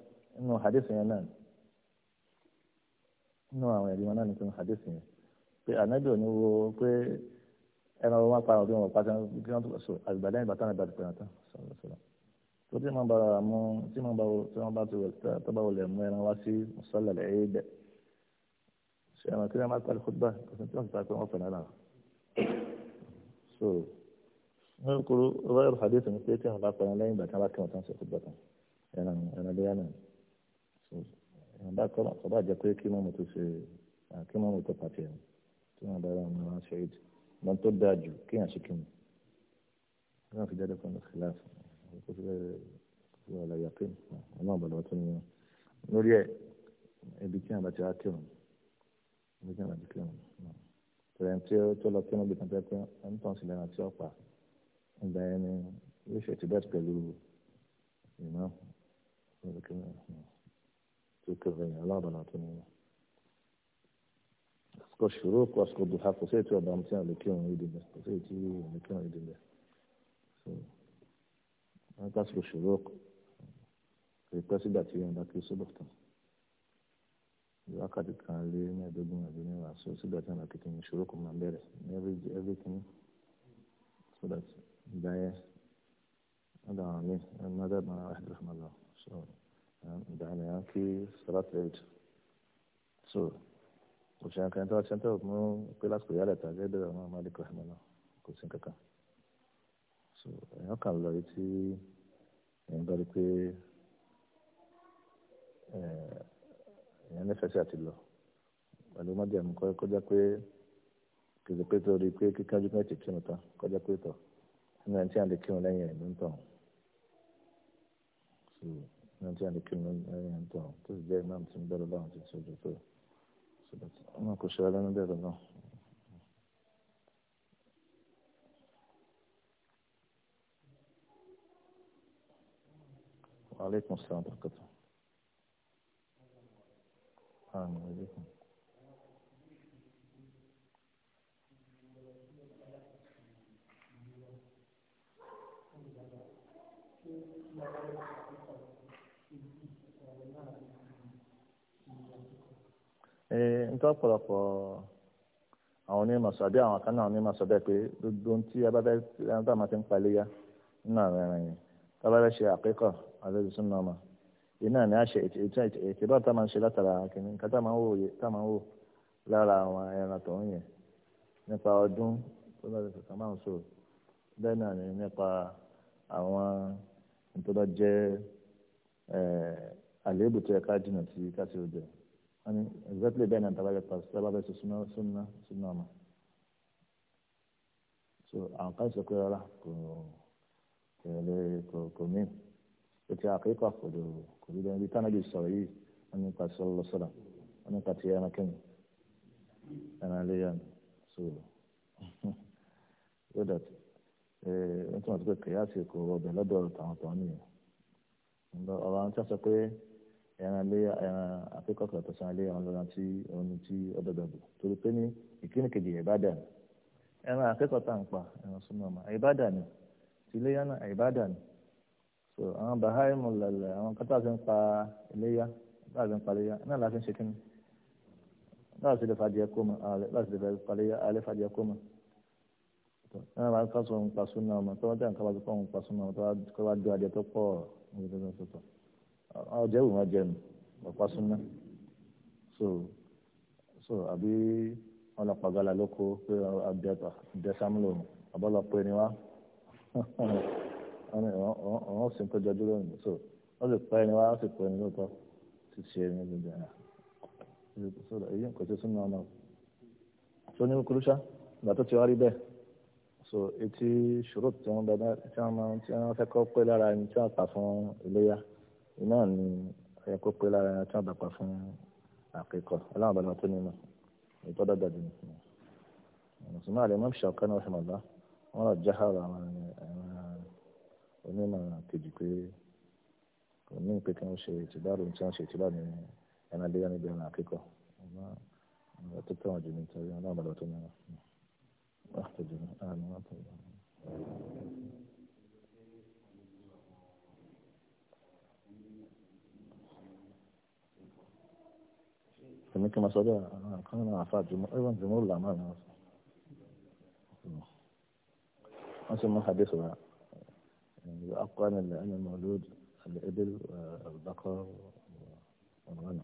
nínú hadith yẹn náà nínú àwọn ẹ̀rí wọn náà ní pẹ̀lú hadith yẹn pé ànábì ò ní wo pé ẹran wọn máa para ọdún wọn pàṣẹ kí wọn tó so àgbàdo ẹ̀yìn bàtà àgbàdo pẹ̀lú àtà sọ̀rọ̀ sọ̀rọ̀ tó tí wọn bá ra mú tí wọn bá tí wọn bá ti wọ tó bá wọlé mú ẹran wá sí mùsọ̀lá lẹ̀ ẹ̀yẹ dẹ̀ ṣe àwọn kí wọn máa parí kúdùbà kò sí tí wọn ti ta wọn fẹ̀rẹ̀ náà so wọn kúrú ọba ẹ̀rọ hadith ní pé tí wọn bá pẹ̀lú lẹ́yìn bàtà bá kí wọn tán sí kúdùbà tán ẹran ẹran lẹ́yìn náà ìyọ̀ǹda tọ́lá kọ́ bá jẹ́ pé kí mọ́mọ́ tó ṣe kí mọ́mọ́ tó pàtì ẹ̀mí tí wọ́n dára wọn máa ṣe èdè wọn tó dáa jù kí yàn ṣe kí mi kí wọ́n fi jáde fún ọ̀sẹ̀ láàfin kó fi bẹ́ẹ̀ kó fi àlàyé pé ọmọ àbọ̀lọ̀ tó ní wọn lórí ẹ̀ ibi tí yàn bá ti wá kí wọn ibi tí yàn bá ti kí wọn tẹ̀lé tí ó tó lọ kí wọn gbẹ̀tàn pẹ́ pé ẹni tó ń sílẹ̀ àti ọ̀pá ìgbà yẹn ni yóò ṣètì bẹ́ẹ̀ pẹ̀lú ìmọ̀ ذكر الله بناتني أسكو الشروق وأسكو الضحى قصيت وأبامتين لكيون يدين قصيتي لكيون يدين أسكو الشروق ìpẹ́sígbà tí yọ̀ǹda kiri sóbò tán wákàtí kan lé mẹ́ẹ̀ẹ́dógún àbí mẹ́wàá so sígbà tí yọ̀ǹda kiri ìṣòro kò máa bẹ̀rẹ̀ every every thing so that ìgbà yẹn ọ̀dà àwọn míì ẹ̀ ń mọ́tẹ́ máa wà lọ́sọ̀rọ̀. ìdánilẹ́yìn kí sọlá tẹ̀lé jù so òṣèré kan tó wá ṣe ń tẹ̀wọ̀ mú pé lásìkò yálẹ̀ tà gẹ́gẹ́ bẹ̀rẹ̀ ọmọ so èèyàn kan lọ rí tí èèyàn bá rí pé èèyàn nífẹ̀ẹ́ sí àti lọ pẹ̀lú mọ́jàmú kọjá pé kìlọ̀ pé tó rí pé kíkanjú pé ti kírun tán kọjá pé tọ̀ nínú ẹni so. náà tí a lè kírun lẹ́yìn ẹ̀ ń tàn tó sì jẹ́ imam tí ń bẹ̀rẹ̀ láwọn ti sojú pé ọmọ kò ṣe alẹ́ ní السلام ورحمة الله وبركاته. آمين عليكم. nítorí ọ̀pọ̀lọpọ̀ àwọn onímọ̀ sọ àbí àwọn kan náà onímọ̀ sọ pé gbogbo tí abáfẹ́ ẹni tó máa ti ń pa iléyà nínú àwọn ẹran yẹn tó bá fẹ́ ṣe àpékọ̀ àlejòsùn náà mà iná ètò tá máa ń ṣe látara tá máa ń wò tá máa ń wò lára àwọn ẹran tó ń yẹn nípa ni nípa àwọn jẹ́ àléébù tó yẹ ká sí ká ti rò wọn ni exactly bẹ́ẹ̀ náà tábàlẹ̀ pàṣẹ tábàlẹ̀ sọ súnmọ́ súnmọ́ súnmọ́ ọmọ so àwọn kan sọ pé rárá kò kò lè kò kò mí o ti àkẹ́kọ̀ọ́ àkọ́dọ̀ kò rí bẹ́ẹ̀ bí tánàbí sọ̀rọ̀ yìí wọn ni pàṣẹ lọ́sọ̀rọ̀ wọn ni pàṣẹ ẹran kẹ́yìn ẹran lé yàn so so that ẹ ẹ wọ́n tún wọ́n ti pé kìyàsí kò rọbẹ̀ lọ́dọ̀ tàwọn tàwọn nìyẹn ọ̀rọ̀ àwọn tí wọ́n sọ pé ẹran lé ẹran akẹ́kọ̀ọ́ kan tó san lé ẹran lọ́nà tí ọ̀nà tí ọ̀dọ̀dọ̀ bò torí pé ní ìkíni kejì ìbàdàn ẹran akẹ́kọ̀ọ́ tá à ń pa ẹran súnmọ́ ọmọ ìbàdàn ni ti iléyà náà ìbàdàn ni so àwọn bahai mu lẹ̀lẹ̀ àwọn kátà fi ń pa iléyà láti fi ń pa iléyà náà láti ń ṣe kíni láti lè fàdí ẹkọ mọ láti lè pa iléyà alẹ́ fàdí ẹkọ mọ ẹran máa ń kásọ̀ ń pa súnmọ́ ọmọ tó wọ́n tẹ̀ ń kábàtì pọ̀ ń pa súnmọ́ ọmọ tó wá dé ọjà ìwò máa jẹnu ọ̀pá súnmọ́ so so àbí wọn lọ pàgàlà lóko pé abẹ sámúlò àbọ̀ lọ pé ni wá wọn sì ń péjọ dúró ní so wọn lè pẹ́ ni wá wọn sì pẹ́ ni lóòótọ́ ti ṣe ní gbogbo ẹ̀ èyí kò tó súnmọ́ ọmọ tó ní kúrúṣà ìgbà tó ti wá rí bẹ́ẹ̀ so etí ṣòro tí wọ́n bẹ tí wọ́n fẹ́ kọ́ pé lára ẹni tí wọ́n ta fún iléyà iná ni ẹ kó pé lára ẹni tí wọ́n bá pa fún àkẹ́kọ̀ọ́ ọlọ́run bá lọ tó nínú ìtọ́dọ̀ gbàdú ni. mùsùlùmí àlẹ́ mọ́ ṣọ̀kan náà ṣùgbọ́n bá wọn lọ jáhàrò àwọn onímọ̀ kejì pé kò ní pé kí wọ́n ṣe ìtìbárò tí wọ́n ṣe ìtìbárò ní ẹran adéyá níbi ẹran àkẹ́kọ̀ọ́ ọmọ tó tẹ̀ wọ́n jù nítorí ọlọ́run bá lọ tó nínú. èmi kí n máa sọ bẹ́ẹ̀ nǹkan náà àfa jùmọ̀ ẹ̀wọ̀n jùmọ̀ ọ̀la máa ní wọ́n sì mú hadith wa akọ́ni lẹ́yìn mọ̀lúd ẹ̀dẹ́l ọ̀bàkọ́ ọ̀nà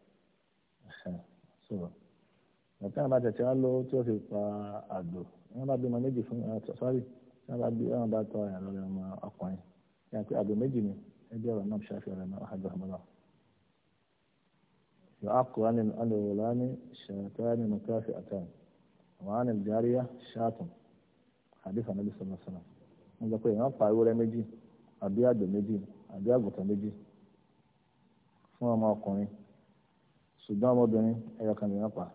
so ẹ̀ka àbájá tí wọ́n lọ tí wọ́n fi pa àgbò wọ́n bá bímọ méjì fún sọ́rí wọ́n bá bí wọ́n bá tọ́ ẹ̀ lọ́rẹ́ ọmọ ọkùnrin pé àgbò méjì ni náà náà pé pa méjì àbí àgbò méjì àbí àgùntàn méjì fún ọmọ ọkùnrin ṣùgbọ́n ọmọbìnrin ẹ̀yọ̀ kan mìíràn pa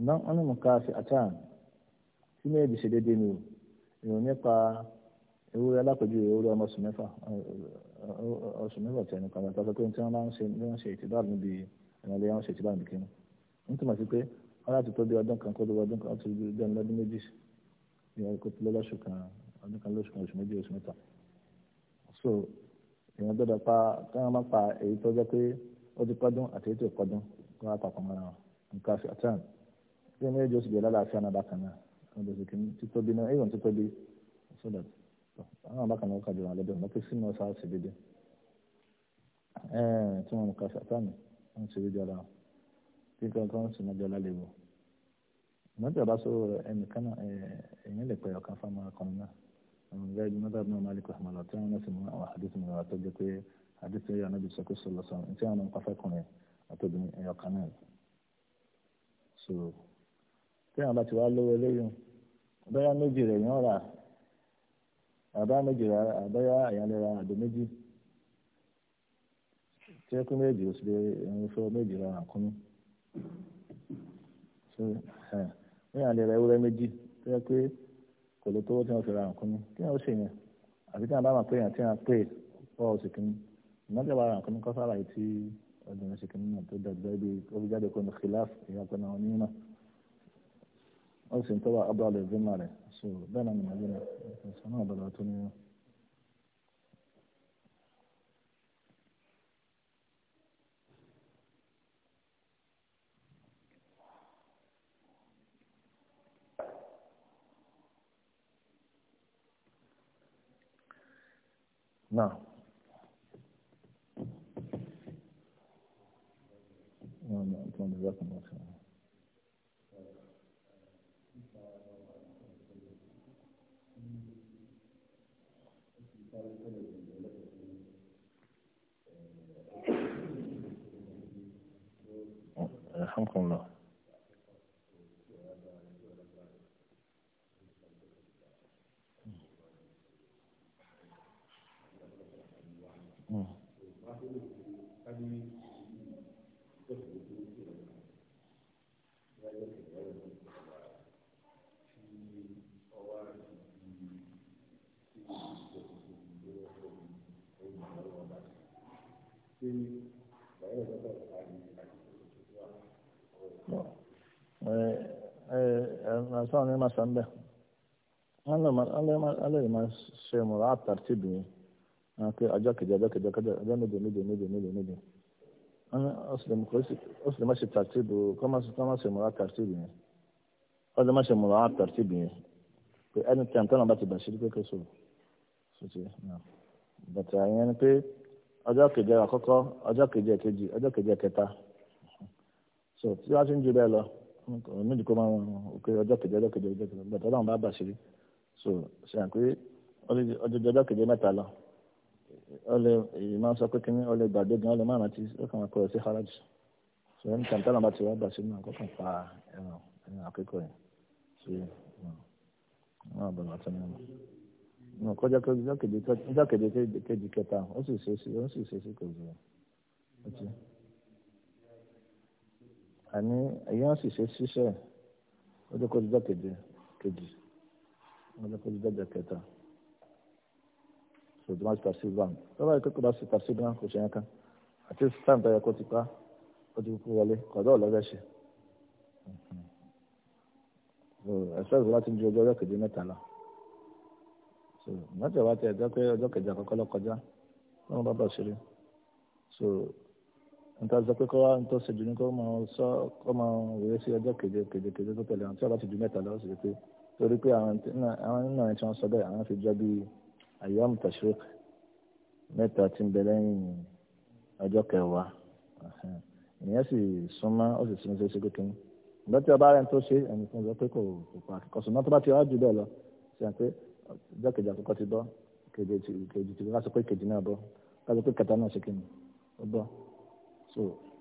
ǹdán wọn ní mùká sí àtàn tí méjì ṣe déédéé ni o ìròyìn nípa ewúrẹ́ alápèjúwe ewúrẹ́ ọmọ oṣù mẹ́fà oṣù mẹ́fà tẹ̀ nípa àgbàtà sọ pé tí wọ́n bá ń ṣe bí wọ́n ṣe ìtìbá níbi ìrànlẹ́ wọn ṣe ìtìbá níbi kínní ń túmọ̀ sí pé wọ́n láti tó bí ọdún kan kó ọdún kan bí ọdún lọ́dún méjì kó tó kan ó ti pẹ́dún àti ètò ìpẹ́dún kó wá papọ̀ mọ́ra wọn nǹkan àti àtàn tí wọ́n méjì ó sì jẹ́ lálàáfíà náà bákan náà wọ́n lè sèkì títóbi náà èèyàn títóbi sódà àwọn bákan náà ó kàdé wọn lọ́dọ̀ lọ́pẹ́ sínú ọ̀sán àti ìdíje tí wọ́n nǹkan àti àtàn wọ́n ti rí jọra kíkọ́ kan sì mọ́jọ́ lálẹ́wọ̀ mọ́tò bá sọ ẹnìkan náà èèyàn lè pẹ́ ọ̀kan fáwọn akọni náà àwọn ọ̀gá ẹgbẹ́ mọ́tò àbúrò máa lè kọ́ àmàlà tí wọ́n sì mú àwọn àdéhùn àdìsẹ́ yìí ànábì sọ pé sọlọ sọ ní tí àwọn ọmọ pàfẹ́ kùnrin àtòbìnrin ẹ̀yọ kan náà so tí àwọn bá ti wá lówó eléyìí bẹ́ẹ̀ méjì rẹ̀ yàn rà àbá méjì rẹ̀ àbẹ́yà àyànlẹ́ra àdó méjì tí ẹkún méjì ó sì lè ẹ̀yìn fún méjì rẹ̀ àkúnú so ẹ̀ ní àlẹ́ra ewúrẹ́ méjì tí ẹ pé tí wọ́n fi ra àkúnú kí wọ́n ó ṣèyàn àbí tí wọ́n bá máa pè yàn tí wọ́n pè pọ́ ọ̀sìn kìíní. mọ́jọba ara nǹkan kọ́ sára tí ọdún ẹ̀ṣẹ̀ kìíní náà tó dàgbà ibi oríjáde kó ní khilaf ìyá pẹ̀lú àwọn onímọ̀ ó sì ń tọ́wọ́ abúlé ìgbìmọ̀ rẹ̀ so bẹ́ẹ̀ náà ni màá gbéra ẹ̀sán náà bọ̀dọ̀ tó naa bodo wọn. Now. fún ìjọba kan lọ́sàn án. الحمد لله àtàwọn ẹ̀ma sàn bẹ́ẹ̀ alẹ́ ìmọ̀ ṣe mọ̀ra àtàtì bìí pé ọjọ́ kejì ọjọ́ kejì ọjọ́ méje méje méje méje méje ó sì lè má ṣe tàtìbù kọ́ má ṣe mọ̀ra tàtìbù yẹn ó lè má ṣe mọ̀ra tàtìbù yẹn pé anytime tọ́nà bá ti bàṣírí pé kò sóò sóò ti bàtà yẹn ni pé ọjọ́ keje àkọ́kọ́ ọjọ́ keje kejì ọjọ́ keje kẹta so tí wọ́n ti ń ju bẹ́ẹ̀ lọ méjì kó máa ń òkè ọjọ́ keje ọjọ́ keje ọjọ́ keje bàtà ọlọ́run bá bà ṣírí so ṣe à ń pé ọjọ́ ọjọ́ keje mẹ́ta lọ ó lè èyí máa ń sọ pé kíní ó lè gbàgbé gan ó lè má rántí ó kàn máa kọ̀ sí haraj so ẹni tàn tàn bá ti wá bà ṣírí náà kó kàn pa ẹran ẹran àkẹ́kọ̀ọ́ yẹn so wọn àbọ̀lọ́ àtẹnumọ́ kọjá pé ọjọ́ kejì kejì kẹta ó sì ṣe sí ó sì ṣe sí kò zùrọ̀ ọtí àní èyí wọn sì ṣe ṣiṣẹ́ ọjọ́ kọjá ọjọ́ kejì kejì ọjọ́ kọjá ọjọ́ kẹta ṣòdì má ti ta sí ìbámu lọ́wọ́ ìkókò bá sì ta sí ìbámu kò ṣe yẹn kan àti sáǹtà yẹ kó ti pa ó ti kú wọlé kọ̀dọ̀ ọ̀lọ́dẹ ṣe ẹ̀ṣọ́ ìwé láti ju ọjọ́ ọjọ́ kejì mẹ́ta náà so mọ́tò wa ti ẹ̀jọ́ pé ọjọ́ kẹjọ àkọ́kọ́ lọ kọjá wọn bá bọ̀ ṣeré so n ta sọ pé kọ́ wa n tó ṣe jù ní kó máa sọ kó máa wòye sí ọjọ́ keje keje keje tó tẹ̀lé àwọn tí wọ́n bá ti ju mẹ́ta lọ́wọ́ sí pé torí pé àwọn nínú àwọn tí wọ́n sọ bẹ́ẹ̀ àwọn fi jọ bíi àyọ̀mù tàṣíròkì mẹ́ta ti ń bẹ lẹ́yìn ọjọ́ kẹwàá ìyẹn sì súnmọ́ ó sì súnmọ́ ṣeéṣe pé kínní ìgbà tí ọba rẹ̀ ń tó ṣe ẹnì kan sọ pé kò kò pa àkẹ́kọ̀ọ́ ọjọ́ kejì àkọ́kọ́ ti bọ́ kejì ti kejì ti lásìkò kejì náà bọ́ lásìkò kẹta náà ṣe kíni ó bọ́ so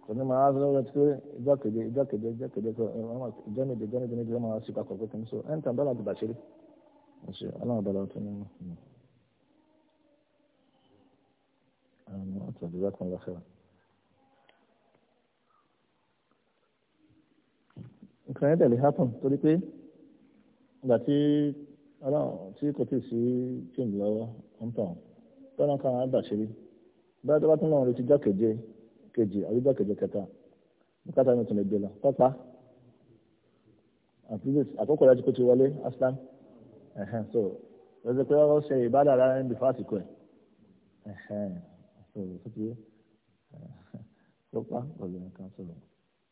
òní máa ń lọ́wọ́ tí ìjọ kejì ìjọ kejì ìjọ kejì tó ìjọ méje ìjọ méje méje máa ṣe papọ̀ pé kí so ẹ̀ tàn bọ́lá àdìbà ṣeré ṣe ọlọ́run bọ́lá ọtún nínú. nǹkan ẹ̀ lè happen torí pé ìgbà tí ọlọ́run tí kò tí ì sí tíìmù lọ́wọ́ ń tàn tọ́lá kan á bà ṣeré bẹ́ẹ̀ tó bá tún lọ́run retí jọ́ keje kejì àbí jọ́ keje kẹta bùkátà mi tún lè gbé àkókò rẹ̀ ti ti wọlé aslam so lọ́sẹ̀ pé ó ṣe ìbádà ara ẹni bìfọ́ àsìkò ẹ̀ so tó ti tọ́pa ọ̀gbìn kan sọ̀rọ̀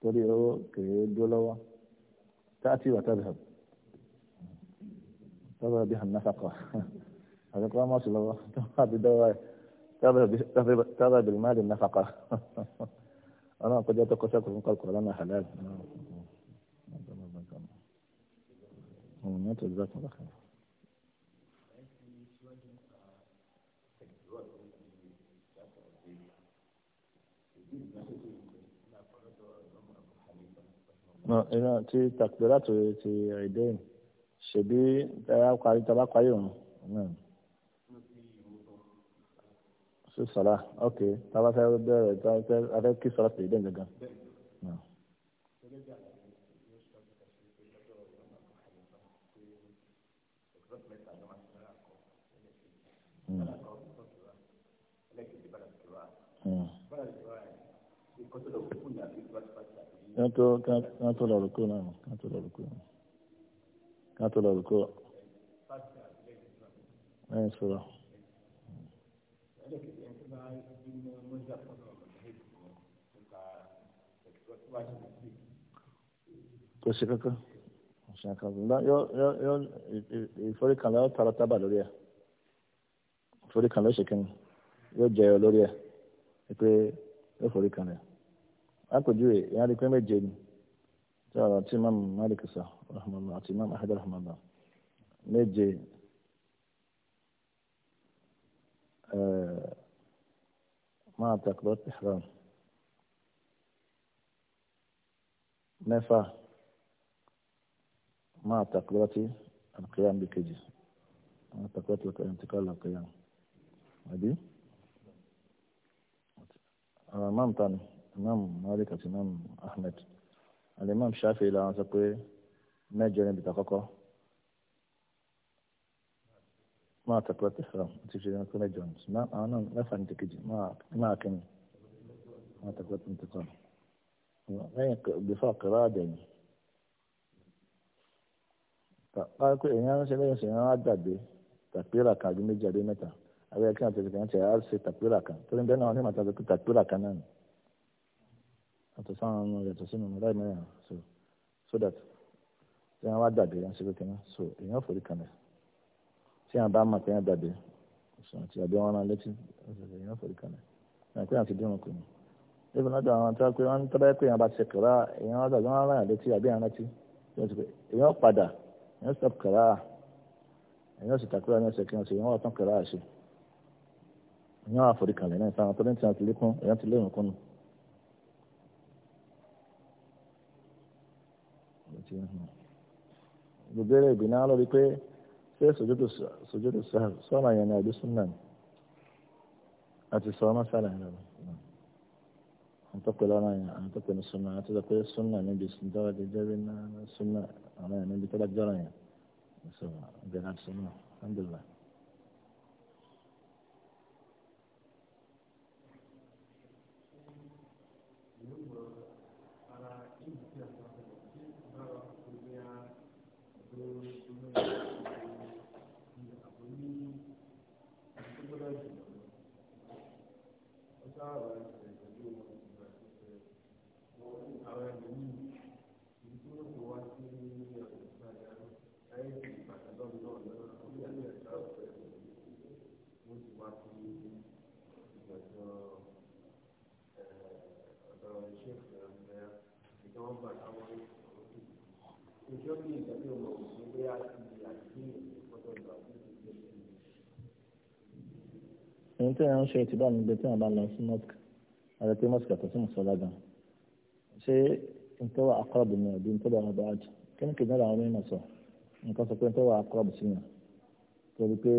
torí owó kèrè dúró lọ́wọ́ táàtì wàtàbí àbù. تظهر بها النفقة هتقول ما شاء الله تضرب النفقة أنا قد يتقسك من قلق لنا حلال ومنات إذا تي تقديرات تي عيدين ṣèbí tẹ́lá parí tọ́lá parí òun sí sọ́lá ok tọ́lá fẹ́ bẹ̀rẹ̀ tọ́lá fẹ́ kí sọ́lá tèyí dẹ̀ gangan. Kan tó lọ rùkú náà, kan tó lọ rùkú náà. kátó lọ rúkọ ẹ̀yìn sọ̀rọ̀. kò sí kankan ọ̀sán kan yọ yọ yọ ìforíkànlá yọ tara tábà lórí ẹ̀ ìforíkànlá yóò ṣe kínní yóò jẹyọ lórí ẹ̀ pé yóò foríkànlá lápèjúwe ìyá rí pé méje ni رحمه الله àti imam رحم رحمه الله نجي آه، مع تكبيرة إحرام نفا مع تكبيرة القيام بكجي مع تكبيرة الانتقال للقيام هذه آه، الإمام تاني الإمام مالك الإمام أحمد الإمام الشافعي لا أعتقد mẹ́jọ níbi tó kọ́kọ́ máa tẹ̀pẹ́ tẹ̀sán ti fi ṣe mẹ́jọ ní ṣùgbọ́n àwọn náà mẹ́fà ní tẹ̀kejì máa kẹ́mi máa tẹ̀pẹ́ tẹ̀sán lẹ́yìn bífọ̀ kẹ́rọ́ àdẹ̀yìn báyìí pé èèyàn ṣe lẹ́yìn ṣèyàn á gbàgbé tàpírà kan àbí méjì àbí mẹ́ta àbí ẹ̀kí àti ẹ̀kí àti ẹ̀yà ṣe tàpírà kan torí bẹ́ẹ̀ náà wọ́n ní màtí àti tàpírà kan náà ni àtọ̀sáwọn ọmọ rẹ̀ tó sínú ọmọ so so that tí wọ́n wá dàdé wọ́n ṣe pé kíná so èèyàn forí kanlẹ̀ tí wọ́n bá mọ̀ pé wọ́n dàdé sọ̀rọ̀ tí àbí wọn rán létí èèyàn forí kanlẹ̀ ẹ̀ pé àti dínrùn kù ní. ebi náà àwọn tí wọ́n pé wọ́n tọ́lá pé èèyàn bá ṣe kàrá èèyàn wá dàdé wọ́n rán létí àbí àrántí èèyàn padà èèyàn stop kàrá èèyàn sì takura ní ọ̀sẹ̀ kí wọ́n ṣe èèyàn wà tán kàrá ṣe èèyàn wà forí kanlẹ̀ náà sáwọn tó ní tí wọ́n ti lékún èèyàn ti lérùn kún bèbèrè ìbínà lórí pé ṣé sòjútù sọ́nà yẹn ni àbí súnà ni àti sọ ọmọ sálà yẹn lọ́wọ́ àwọn tó pẹ̀lú ọ̀nà yẹn àwọn tó pẹ̀lú súnà àti sọ pé súnà níbi ìsìndọ́wọ́ ti jẹ́ bí súnà ọ̀nà yẹn níbi tó bá jọ́ra yẹn ìṣòro ìgbéra súnà alhamdulillah. ẹni tí wọ́n ń ṣe ìtìbá nígbà tí wọ́n bá lọ sí mosque àti pé mosque àtọ̀ sí mùsọ̀lá gan ṣé ntọ́wọ́ akọ́rọ̀bù ni àbí ntọ́wọ́ àwọn ọ̀dọ́ àjù kí ni kìnìún àwọn mímọ̀ sọ nǹkan sọ pé ntọ́wọ́ akọ́rọ̀bù sí yàn torí pé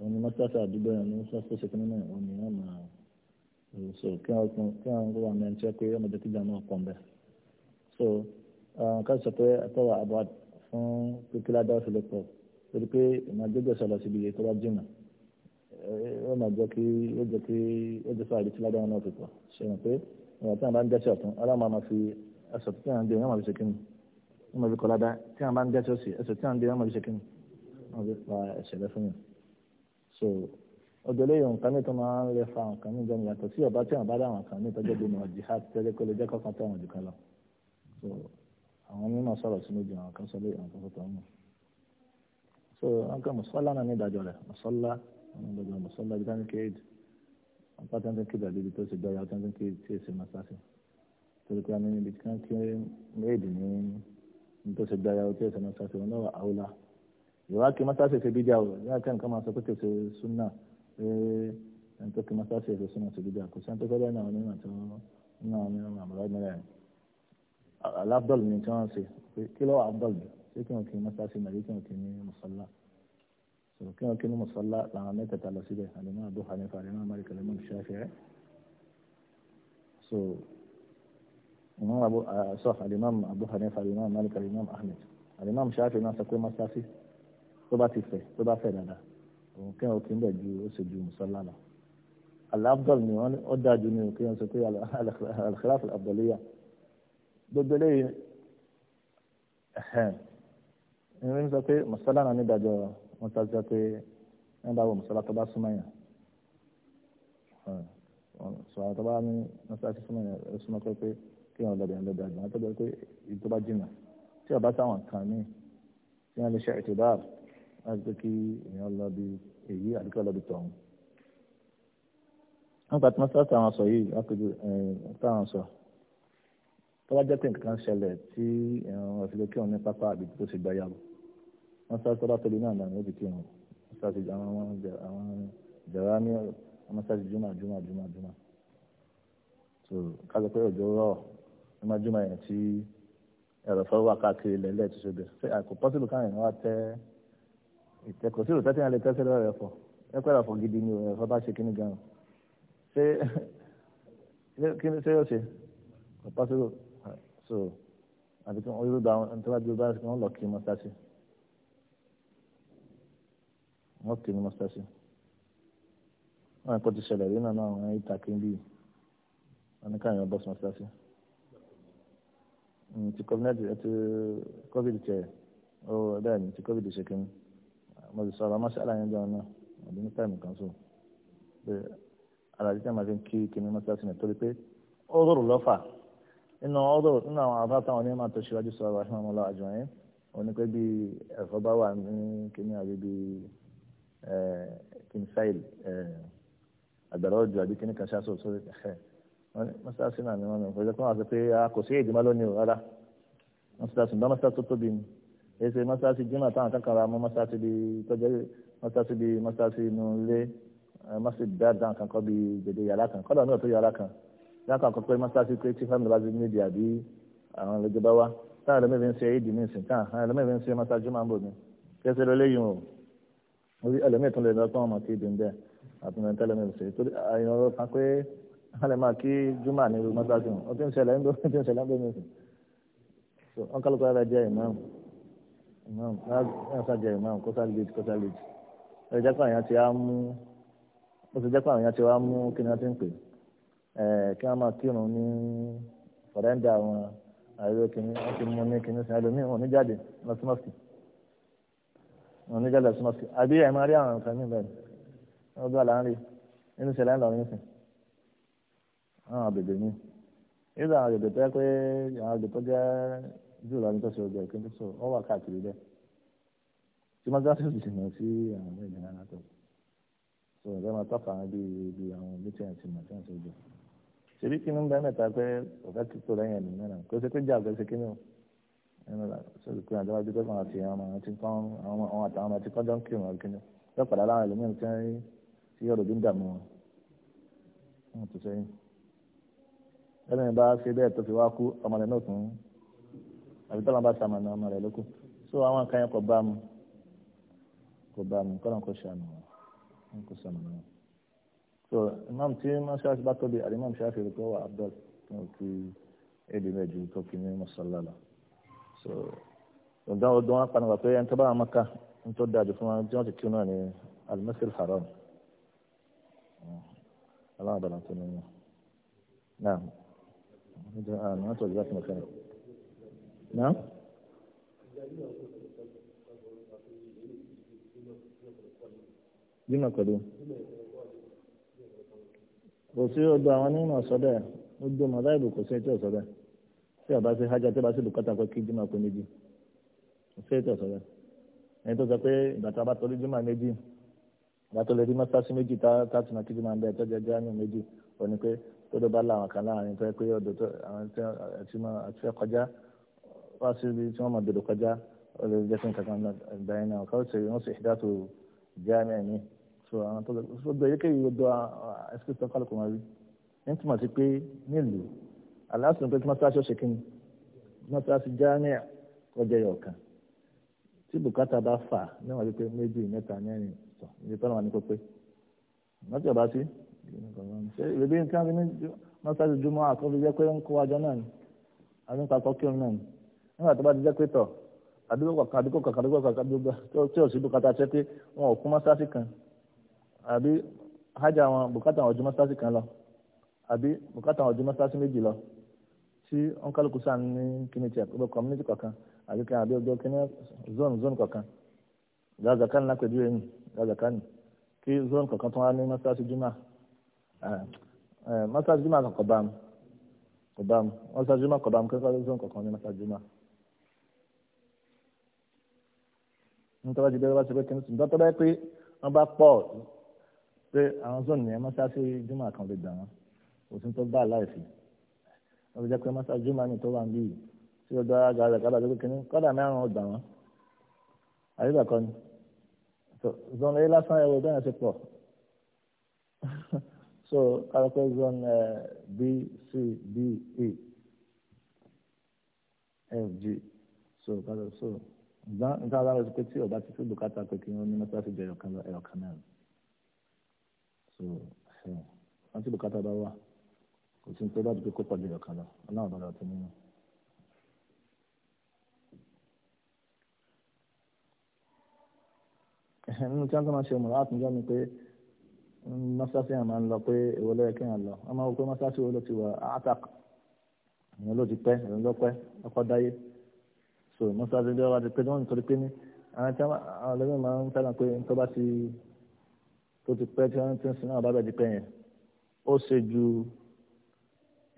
òun ni mọ́sálásí àdúgbò yẹn ni mọ́sálásí tó ṣe kí nínú òun ni wọ́n máa so kí wọ́n kí wọ́n gbọ́ àmì ẹni tí wọ́n pé ọmọ jẹ́ kíjà náà pọ̀ mbẹ́ so nǹkan sọ pé ntọ́wọ́ àbọ̀ fún kíkíládá ọ̀sẹ̀ lè pọ̀ torí pé ìmọ̀ ó máa jẹ́ kí ó jẹ́ kí ó jẹ́ sọ àdìsí ládàá náà pípọ̀ ṣe mọ̀ pé ìwà tí wọn bá ń dẹ́sẹ̀ ọ̀tún ọlọ́run máa fi ẹsẹ̀ tí wọn ń dé wọn máa fi ṣe kí ni wọn máa fi kọ́ ládàá tí wọn bá ń dẹ́sẹ̀ òsì ẹsẹ̀ tí wọn ń dé wọn máa fi ṣe kí ni fi pa ẹsẹ̀ rẹ fún yàn. so ọjọ́ lẹ́yìn nǹkan mi tó máa ń lè fa nǹkan mi jẹ́ yàtọ̀ sí ọba tí wọn bá dá àwọn ìtọ́jú gbogbo mùsùlùmí ibi táwọn kéèdì apá tí wọn kéèdì àbíbi tó ṣe gbọ́ ya tí wọn kéèdì tí èsì máa sáṣẹ torí pé a ní ibi tí wọn kéèdì ní tó ṣe gbọ́ ya tí èsì máa sáṣẹ wọn náà àwòlá ìwà kí mọ́sáṣẹ ṣe bíjà o yóò kí nǹkan máa sọ pé kèsè súnà pé ẹni tó kí mọ́sáṣẹ ṣe súnà ṣe bíjà kò sí ẹni tó fẹ́ bẹ́ẹ̀ náà nínú àti nínú àwọn nínú àmọ́lá mẹ́rẹ̀ alábdọ́ọ̀lù ni tí wọ́n ṣe kí lọ́wọ́ abdọ́ọ̀lù ṣé kí wọ́n kí mọ́sáṣẹ náà yé kí wọ́n kí ní mùsọ́lá kí wọn kí ní mùsọ́lá làwọn mẹ́tẹ̀ẹ̀ta lọ síbẹ̀ àlùmọ́ Abu Hanifa àlùmọ́ Malik àlùmọ́ Shafi'i so imam abu eh, sọ alimam Abu Hanifa alimam Malik alimam Ahmed alimam Shafi'i náà sọ pé mọ́sáfì tó bá ti fẹ̀ tó bá fẹ̀ dáadáa òun kí wọn kí ń bẹ̀ ju ó sì ju mùsọ́lá lọ al-afdal ni wọn ó dáa ju ní òkè wọn sọ pé al wọ́n ṣáájú pé wọ́n bá wọ mùsọ́lá tó bá súnmọ́ yàn sọ̀rọ̀ tó bá ní mọ́sálásí súnmọ́ yàn ẹ súnmọ́ pé pé kí wọ́n lọ́bẹ̀ yàn lọ́bẹ̀ àgbọ̀n tó bẹ̀rẹ̀ pé èyí tó bá jìnnà tí ọba táwọn kan ní tí wọ́n lè ṣe ìtìbáà láti pé kí èèyàn lọ bí èyí àdúgbò lọ tọ̀hún. wọ́n gbà tí mọ́sálásí àwọn sọ yìí àpèjú táwọn sọ tó jẹ́ pé nǹkan ṣẹlẹ̀ tí ẹ̀rọ wọ́n sáré tọ́lá tó lè ní àlànà níbi kí wọn sáré àwọn àwọn jàrá ní wọ́n sáré jùmọ̀ jùmọ̀ jùmọ̀ jùmọ̀ tó kájọ pé òjò rọ̀ ní má jùmọ̀ yẹn tí ẹ̀rọ fẹ́ wà káàkiri lẹ́lẹ́ tó ṣe bẹ̀ ṣé àìkò pọ́sibù káwọn èèyàn wá tẹ́ ìtẹ́kọ̀ sí òtẹ́tẹ́ yẹn lè tẹ́sẹ̀ lọ́rọ̀ ẹ̀fọ́ ẹ̀kọ́ ẹ̀fọ́ gidi ni ẹ̀fọ́ bá ṣe kíní gan-an ṣé kíní ṣé ó ṣe kò pọ́sibù so àti kí wọ́n yóò gba àwọn tó bá dúró bá wọn lọ kí mọ́ṣáṣí wọ́n kì í ní mọ́sálásí wọ́n kò ti ṣẹlẹ̀ rí náà àwọn ẹ̀yìn ìtàkì ń bí wọ́n ní káyọ̀ bọ́sì mọ́sálásí mm, ti covid eh, tẹ̀ ó bẹ́ẹ̀ ni ti covid ṣe kí ni mo sì sọ̀rọ̀ mọ́sálà yẹn jẹun náà àbí ní táìmù kan so pé alájí tẹ́ máa fi ń kí kíní mọ́sálásí náà torí pé ó rọrùn lọ́fà nínú ọ̀rọ̀ nínú àwọn afá táwọn onímọ̀ tó ṣíwájú sọ̀rọ̀ àfihàn kìnsáìl àgbàrá ọjọ àbí kíní kan ṣáṣọ sórí ẹ wọn ní mọ́sálásí náà ni wọ́n ní ọ̀pọ̀ ìjọba àti pé a kò sí èdè má lónìí o rárá mọ́sálásí bá mọ́sálásí tó tóbi ni èyí ṣe mọ́sálásí jimá táwọn kankan ra mọ́ mọ́sálásí bíi tọ́jú mọ́sálásí bíi mọ́sálásí inú ilé mọ́sálásí dáadáa kankan bíi gbèdé yàrá kan kọ́dà náà tó yàrá kan yàrá kan pé mọ́sálásí pé tí fámìlì bá ti ní ìdí àbí àwọn ìlẹ́jọba wa táwọn ẹlẹ́mẹ̀fẹ́ ń ṣe èdè ní ìsìn táwọn ẹlẹ́mẹ̀fẹ́ ń ṣe mọ́sálásí jimá ń bò ní kẹsẹ̀ lọ léyìn o orí ẹlẹ́mìí tún lè lọ sọ́wọ́n mọ̀ sí ìdíńdẹ́ àtúntò tẹ́lẹ̀mí ṣe torí àyìnbó ló sọ pé wọ́n lè máa kí júmọ̀ ní irú mọ́tàkì wọn ó ti ń ṣẹlẹ̀ ń bí ń ṣẹlẹ̀ ń mi sùn so wọn kálukú ara jẹ imam imam wọn sá jẹ imam kó sá lead kó sá lead ó ti jẹ́ pé àyàn ti á mú ó ti jẹ́ pé àyàn ti wá mú kí ni wọ́n ti ń pè ẹ̀ kí wọ́n máa kírun ní fọ̀rẹ́ǹdà wọn àìrò kìíní wọ́n ti wọn ní jálẹ̀ sí mọ́síkì àbí ẹ̀ máa rí àwọn nǹkan ní bẹ́ẹ̀ wọ́n gbọ́ là ń rí nínú ìṣẹ̀lẹ̀ ńlọrọ̀ nísìn àwọn àbèbè mi nígbà àwọn àbèbè tó yẹ pé àwọn àbèbè tó jẹ́ jù lọ ní tó ṣe ojú ẹ̀ kí n tó sọ ọ wà káàkiri bẹ́ẹ̀ tí mọ́sálásí ti sìnà sí àwọn ènìyàn aláàtọ̀ so ǹjẹ́ máa tọ́ka àwọn bíi bíi àwọn bítíẹ̀n ti màtíẹ̀ tó jù ṣèbí kí ni ń bẹ́ẹ̀ mẹ́ta pé ọ̀fẹ́ tó lẹ́yìn ẹ̀mí náà kò ṣe pé jà sórí pé àjọ wájú gbẹ́gbọ̀n àti àwọn ọmọ ti kán àwọn àtàwọn ọmọ ti kán jọ ń kírun àgbẹ̀ni yóò padà láwọn ẹlòmíràn tí wọ́n ti yọ̀rọ̀ bí ń dààmú wọn wọn tó sẹ́yìn ẹni bá ṣe bẹ́ẹ̀ tó fi wá kú ọmọ rẹ̀ náà tún àbí so àwọn akẹ́yìn kò bá mu kò bá so imam tí mọ́ṣáláṣí bá tóbi àdìmọ́ mọ́ṣáláṣí rẹ̀ abdul kí ebi mẹ́jọ tó kí ní so ọdún ọdún wọn apanu pé ẹni tó bá wọn mọ́ká ní tó dáa jù fún wọn tí wọ́n ti kí náà ní alimẹ́sìl haram aláwọ̀ bàlá tó ní wọn náà níjọ àná wọn tó ìjọba tó ní fẹ́ràn náà. Jimá pẹ̀lú kò sí ọdún àwọn onímọ̀ sọ́dọ̀ ẹ̀ ó dùn mọ́ láìbù kò sí ẹjọ́ sọ́dọ̀ ẹ̀ tí a bá ṣe hajj tí a bá ṣe bùkátà pé kí jimá pé méjì ṣé ètò ọ̀sọ̀ rẹ̀ ẹni tó sọ pé ìgbà tá a bá tọ́lé jimá méjì ìgbà tó lè rí mọ́sáàsì méjì tá a ti máa kí jimá bẹ́ẹ̀ tọ́jú ẹjẹ́ àmì méjì ò ní pé tó ló bá la àwọn kan láàrin tó yẹ pé ọ̀dọ̀ tó àwọn tí wọ́n kọjá wá sí ibi tí wọ́n máa dòdò kọjá ó lè jẹ́ fún kankan bẹ́ẹ̀ náà káwọ́ ṣe wọ́n sì aláṣùn pé kí mọ́ṣáláṣí ọ̀ṣẹ̀ kí ni mọ́ṣáláṣí jámẹ́ kọjá yọ̀ kan tí bùkátà bá fà ní wọn pé méjì mẹ́ta mẹ́rin tọ̀ ibi tọ́lá wọn ni kó pé mọ́tì ọ̀bá sí ṣé ìrèbí nǹkan fi ní mọ́ṣáláṣí júmọ́ àkọ́bí jẹ́ pé ń kó ajọ́ náà ni àbí ń pa kọ́kírun náà ni nígbà tó bá ti jẹ́ pé tọ̀ àdúgbò kọ̀ọ̀kan àdúgbò kọ̀ọ̀kan àdúgbò kọ̀ọ̀kan àdúgbò tí ò sí bùkátà ṣe pé wọn ò kún mọ́ṣáláṣí tí ọ̀nkálukú sáà ní kíni tiẹ̀ ọ̀dọ̀ community kọ̀ọ̀kan àbí kí àbí ọjọ́ kíní zone zone kọ̀ọ̀kan gaza kan náà pẹ̀lú ẹ̀yìn gaza kan kí zone kọ̀ọ̀kan tó wá ní mọ́sáàsì jimá mọ́sáàsì jimá kọ̀ bá mu kọ̀ bá mu mọ́sáàsì jimá kọ̀ bá mu kẹ́kọ̀ọ́ zone kọ̀ọ̀kan ní mọ́sáàsì jimá. nítorí ti bẹ́ẹ̀ bá ṣe pé kíní sùn dọ́tọ́ báyìí pé wọ́n bá pọ̀ pé àwọn zone yẹn mọ́sáàsì jimá kan lè gbà wọ́n òtún tó bá láì fi wọ́n fi jẹ́ pé mọ́sá jùmọ̀ni tó wà ń bí tí ó dára gàdà gàdà tó kékeré kọ́dà mẹ́rin ọgbà wọn àyíká kọ́ni zọ́nà yìí lásán ẹ̀rọ ìgbà yẹn ti pọ̀ so kárọ̀pẹ́ zọ́nà b c d e f g so kárọ̀ so gbọ́n nǹkan aláwọ̀ ti pé tí ọba ti fi bùkátà pé kí wọ́n ní mọ́sá fi jẹ ẹ̀rọ kan náà so wọ́n ti bùkátà bá wà kò sí nítorí àdúgbò kó pàdé ọ̀kan lọ ọlọ́run bá lọ tó nínú. nínú tí wọ́n tó máa ṣe mọ̀lá àtúnjọ́ ni pé mọ́sáàsì yẹn máa ń lọ pé èwo lọ́yẹ kéèyàn lọ wọ́n máa wọ pé mọ́sáàsì wo ló ti wà átàk ìyẹn ló ti pẹ́ ìyẹn ló pẹ́ ọkọ̀ dáyé so mọ́sáàsì bí wọ́n ti pé wọ́n nítorí pé ní àwọn tí wọ́n lọ́wọ́ máa ń tẹ́lẹ̀ pé tó bá ti tó ti pẹ́ tí wọ́n ti ń sin náà bá bẹ̀ ti pẹ́ ó ṣe ju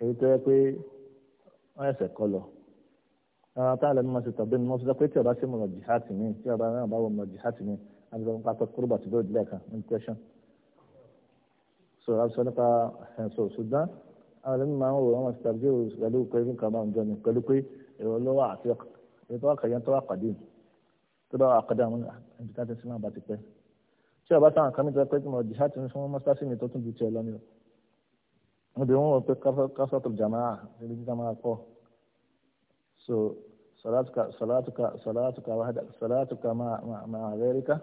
èyí tó yẹ pé wọ́n ẹsẹ̀ kọ́ lọ àwọn táwọn ẹlẹ́nu máa ṣe tàbí ẹni wọ́n sọ pé tí ọba ṣe mọ̀nà jihati mi tí ọba náà bá wọ mọ̀nà jihati mi àti ọba pátá kúrúbà tó bẹ̀rẹ̀ lẹ́ẹ̀kan ní question so a sọ nípa ẹ̀sọ́ eh, ṣùgbọ́n àwọn ẹlẹ́nu máa ń wò wọ́n tàbí pẹ̀lú pé nǹkan máa ń ni pẹ̀lú pé èrò lọ́wọ́ àti ìtọ́wọ́ kẹ̀yẹ́ tó wà pàdé tó wà ah, pàdé níbi wọn wọ pé kásátù jamaa níbi tí jamaa pọ̀ so salatuka salatuka salatuka wahda salatuka ma ma ghayrika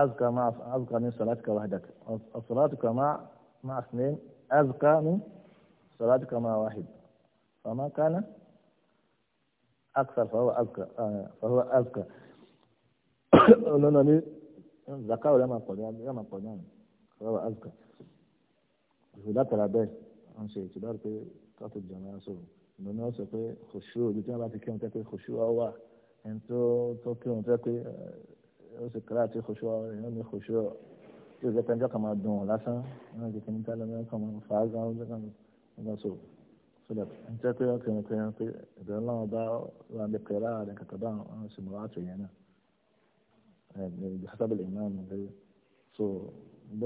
azka ma azka min salatuka wahdak salatuka ma ma اثنين azka min صلاتك مع واحد فما كان أكثر فهو أزكى فهو أزكى لأنني زكاة لما قلنا لما قلنا فهو أزكى látara bẹ́ẹ̀ wọ́n ṣe ìtura pé káàtó jọ̀mọ́ ẹ̀ sọ̀rọ̀ ìgbà náà sọ pé kòṣù òbí tí wọ́n bá ti kírun tẹ́ pé kòṣù wa wà ẹni tó tó kírun tẹ́ pé ó sì kíra àti kòṣù wa èèyàn ní kòṣù ọ̀ tí ó jẹ́ pé ẹjọ́ kan máa dùn ọ̀ lásán wọ́n ti kìíní tálẹ́ mẹ́rin kan máa fà á gan ọ́n gan ọ́n sọ sọdọ̀ ẹni tẹ́ pé wọ́n kírun kírun pé náà bá wà ní kíra rẹ̀ kàkà bá wọn sì mọ̀ láti yẹn náà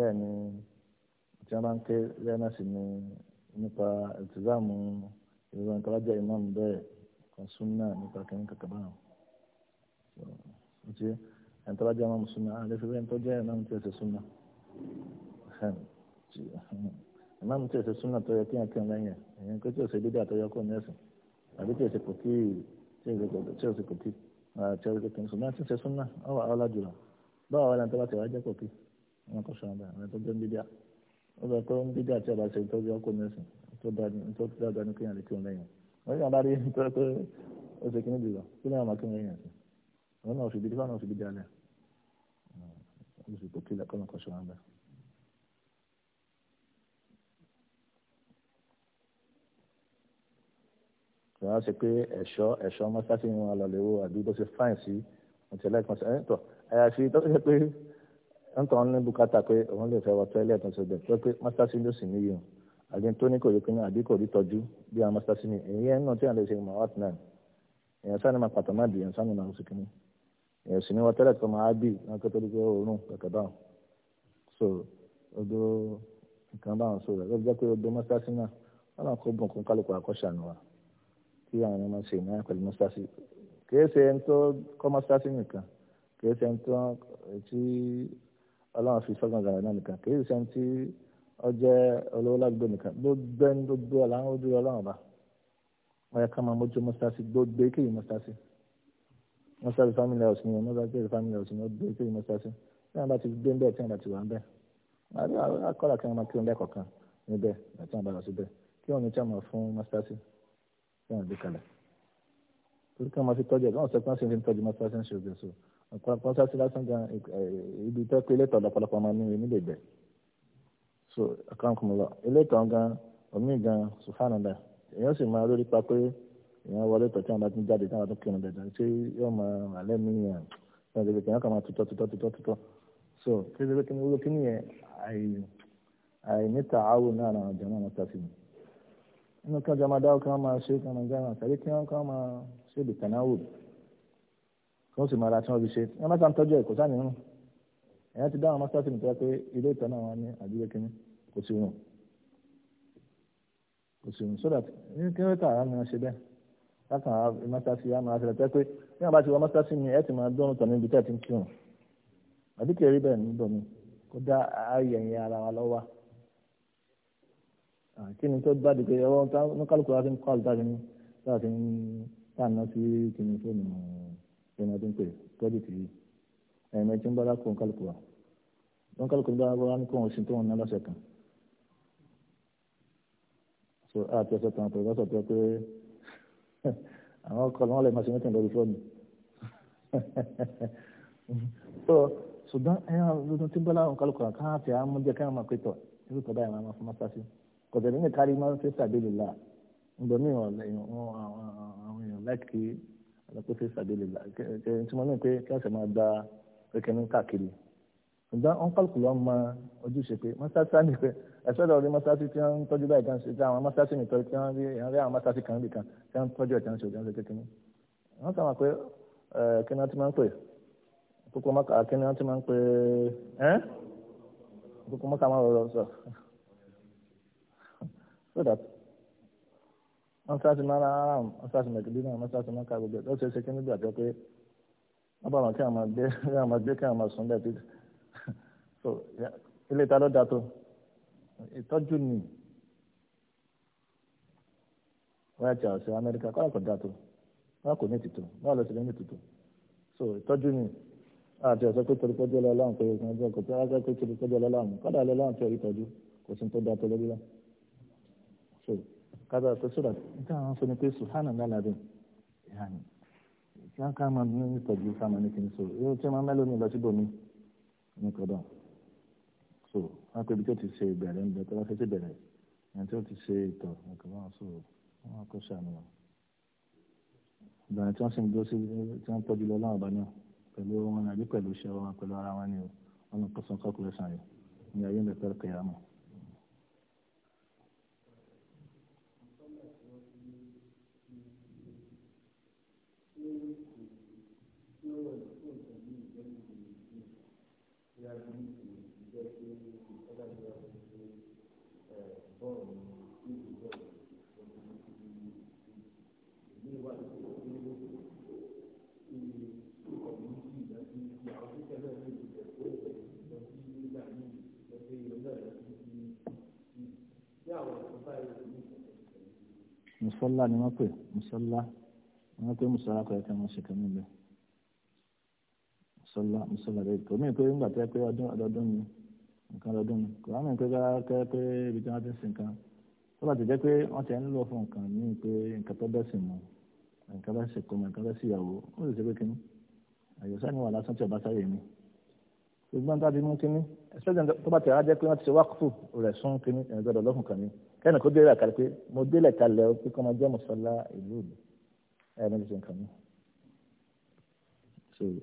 ẹ̀ ẹ̀ tí wọ́n bá ń ké lẹ́nà sí ni nípa ìtìzáàmù ìrora nípa wájà ìmáàmù bẹ́ẹ̀ kan súnà nípa kẹ́yìn kàkà báwọn. Ǹjẹ́ ẹni tó bá jẹ́ ìmáàmù súnà àlẹ́ fi wẹ́n tó jẹ́ ìmáàmù tí ó ṣe súnà. Ìmáàmù tí ó ṣe súnà tó yẹ kí ẹ̀kẹ́ lẹ́yìn ẹ̀yìn pé tí ó ṣe dídá tó yẹ kó ní ẹ̀sìn àbí tí ó ṣe kò tí ó sọ pé ó ń bídà tí ọba ṣe ń tọ́jú ọkọ mẹ́sìn tó dáadáa ní kéèyàn lè kí òun lẹ́yìn wọ́n yàn bá rí ẹni tó yẹ pé ó ṣe kíní bìlọ̀ kí lè máa kí òun lẹ́yìn ẹ̀sìn òun náà òṣìbí fáwọn òṣìbí dé alẹ́ oṣù tó kí lẹ́kọ́ lọ́kọ́ ṣọ́ra bẹ́ẹ̀. wọ́n á ṣe pé ẹ̀ṣọ́ ẹ̀ṣọ́ mọ́sáàsì wọn lọ lè wo àbí bó ṣe fáìn sí ọ̀tẹ̀lẹ́kọ̀ọ́sẹ̀ ẹ̀ tọ́ àyàfi tó ṣe pé ntọ́ ní bùkátà pé òun lè fẹ́ wọ tọ́lẹ̀ tó ṣe bẹ̀ tó pé mọ́sításí ló sì níyì àbí tó ní kò rí pinnu àbí kò rí tọ́jú bí àwọn mọ́sításí ni èyí ẹ̀ náà tí à ń lè ṣe mọ̀ ọ́t náà èèyàn sáà ní máa pàtó má bì èèyàn sáà ní máa oṣù kìíní èèyàn sì ní wọ tọ́lẹ̀ tó máa bì náà kó tó di pé òórùn kẹ̀kẹ́ báwọn so odo nǹkan báwọn so rẹ̀ lọ́jọ́ pé odò mọ́sításí náà wọ́n náà kó bùnkún kálukú àkọ́ṣàánú wa kí àwọn ọmọ ṣe ìmọ̀ pẹ̀lú mọ́sításí kì í ṣe ẹni tó kọ́ ọlọ́run fi sọ́gbọ̀n gàrà náà nìkan kìí ṣe ti ọjẹ́ olówó lágbo nìkan gbogbo ẹni gbogbo ọ̀làwọn ojú ọlọ́run bá wọ́n yẹ ká máa mójú mọ́sításí gbogbo èkéyìí mọ́sításí mọ́sításí family house ni mọ́sításí family house ni gbogbo èkéyìí mọ́sításí tí wọ́n bá ti gbé bẹ́ẹ̀ tí wọ́n bá ti wà ń bẹ́ẹ̀ akọ́là kí wọ́n máa kírun lẹ́ẹ̀kọ̀ kan níbẹ̀ àti àwọn àbàlọ̀ síbẹ̀ kí wọ́n ní tí wọ́n máa fún mọ́sításí tí wọ́n gbé kalẹ̀ torí kí wọ́n máa fi tọ́jú ẹ̀ nǹkan ṣáṣí lásán gan ibi tó pé elétò ọ̀dọ́pọ̀lọpọ̀ máa ní ní gbègbè so ọ̀kan kò mú lọ elétò gan omi gan sùfànàdà èèyàn sì máa lórí pa pé èèyàn wọlé tọ̀ tí àwọn bá ti ń jáde tí àwọn bá ti ń kírun dandan ṣé yóò máa wà lẹ́nu yẹn náà lè kàn máa tutọ́ tutọ́ tutọ́ tutọ́ so kí ló kí ló kí ni yẹn àìníta àwò náà náà jẹ́ náà wọ́n ta sí mi nínú kí wọ́n jọ máa dáwọ́ kí wọ́n máa ṣe kí wọ́n máa kí wọ́n sì máa ra tí wọ́n fi ṣe ẹ má sàn tọ́jú ẹ̀ kò sáà nìyẹn ẹ̀yà ti dáhùn mọ́sálásí mi tọ́jú pé ilé ìtàn náà wà ní àdúgbò kínní kò sí wọn kò sí wọn sódà ní kí wọ́n tààrà mi ṣe bẹ́ẹ̀ lákàn á mọ́sálásí á máa ṣẹlẹ̀ tẹ́ pé bí wọ́n bá ti wọ mọ́sálásí mi ẹ̀ ti máa dọ́rùn tọ̀ níbi tẹ́ẹ̀ ti ń kí wọn àbí kẹrí bẹ́ẹ̀ níbọ̀ mi kó dá ayé ẹ̀yìn ara wa lọ́wọ́ kí ni tó bá di pé ọwọ́ kálukú wa ti ń kọ́ àlùtà ẹni ọdún pé tọ́jú tì í ẹni ẹni tí ń bá lápò ń kálukú wa wọn kálukú ń bá wọn ní kó wọn sin tó wọn ná lọ́sẹ̀ kan so àti ọ̀sẹ̀ kan pẹ̀lú ọ̀sẹ̀ tó pé àwọn ọkọ lọ́wọ́ lè máa ṣe mẹ́tẹ̀ lórí fóònù so ṣùgbọ́n ẹni ọdún tí ń bá lápò ń kálukú wa káwọn àti àwọn ọmọdé káwọn máa pé tọ̀ irú kọ́ báyìí máa fún mọ́sáàsì kọ̀tẹ̀ nínú kárí máa ń fẹ́ sàbẹ̀lì láà ń bọ̀ mí àwọn èèyàn láìkí ọ̀nà pé fèsì àbẹ̀lẹ̀ là kẹ́rin tí mo ní pé kíláàsì máa gba kékeré káàkiri ṣùgbọ́n ọ̀nkọ́lùkù lọ́ mọ ojúṣe pé mọ́sáàsì àmì pé ẹ̀sọ́ ìdọ̀rí mọ́sáàsì tí wọ́n ń tọ́jú báyìí kan ṣe tí àwọn mọ́sáàsì mi tọ́jú tí wọ́n rí ìrìn àwọn mọ́sáàsì kan rí kan tí wọ́n ń tọ́jú ẹ̀kan ṣe òjò kékeré wọ́n sọ wọn pé kí ni wọ́n ti máa ń pè kókó mọ́kà kí ni wọ́n ti máa ń pè ẹ́ kókó mọ́kà máa rọrọ sọ so that wọ́n sá sí mara aram wọ́n sá sí mẹ̀kìdínà wọ́n sá sí mẹ́ka gbogbo ẹ̀ lọ́sẹ̀ ṣe kí nígbà tó pé wọ́n bá wọn kí àwọn gbé kí àwọn gbé kí àwọn sùn bẹ́ẹ̀ títí so ilé ìta ló da tó ìtọ́jú ni wọ́n yà tí a ṣe amẹ́ríkà kọ́ àkọ́ da tó wọ́n kò ní tìtò wọ́n lọ sí lẹ́yìn tìtò so ìtọ́jú ni àti ọ̀sẹ̀ pé torí pẹ́jọ́ lọ́lọ́run pé ìgbìmọ̀ ọjọ́ kò tí wọ́n pé torí pẹ́jọ́ lọ́lọ́run kọ́dà lọ́lọ́run tí ò rí tọ́jú kò sí tó da tó lórí lọ so kábà pé sọ̀rọ̀ níta àwọn sọ ni pé sùhánà lánàá bẹ́ẹ̀ ìhànì tí wọ́n ká máa ní ìtọ́jú ká máa ní kí n sọ yóò tí wọ́n mẹ́lò ní lọ síbò mi ní kọ́dọ̀ so wọ́n pe ibi tó ti ṣe ìbẹ̀rẹ̀ níbi tó bá fẹ́ ti bẹ̀rẹ̀ ẹni tó ti ṣe ìtọ̀ nǹkan wọn sọ wọn kó sànù wọn. ìbẹ̀rẹ̀ tí wọ́n sì ń dúró sí tí wọ́n tọ́jú lọ láwọn ọba náà pẹ̀lú wọn àbí pẹ̀lú iṣẹ́ wọn pẹ̀lú ara wọn ni o wọn kọ́sán kọ́kùrẹ́sàn yìí ní ayé mẹ́fẹ́ kẹyàmọ́. musalla ni wọ́n pè musalla wọ́n pè musalla kọ̀ọ̀kan wọ́n ṣe kàn mí bẹ́ẹ̀ sọlá mùsùlùmí rẹ kò míì pé nígbà tẹ́ pé ọdún ọdọọdún ni nǹkan ọdọọdún ni kò wáá mọ̀ pé kẹ́ pé ibi tí wọ́n ti ń sin nǹkan tó bá ti jẹ́ pé wọ́n ti ń lọ fún nǹkan míì pé nǹkan tó bẹ́sìn mu nǹkan bẹ́sìn kọ́ mọ̀ nǹkan bẹ́sìn ìyàwó ó sì ṣe pé kínní àyọ̀sá ni wà lásán tí ọba sáyé mi ṣùgbọ́n tá a ti mú kínní ẹ̀sìpẹ́sìn tó bá ti ara jẹ́ pé wọ́n ti ṣe wákùfù rẹ̀ sún kínní ẹ̀ẹ́dọ́dọ̀ lọ́kùn kan ní kẹ́ni kó délẹ̀ kalẹ̀ pé mo délẹ̀ kalẹ̀ pé kọ́ máa jẹ́ mùsọ́lá ìlú mi ẹ̀ẹ́dọ́dọ̀ ṣe mi.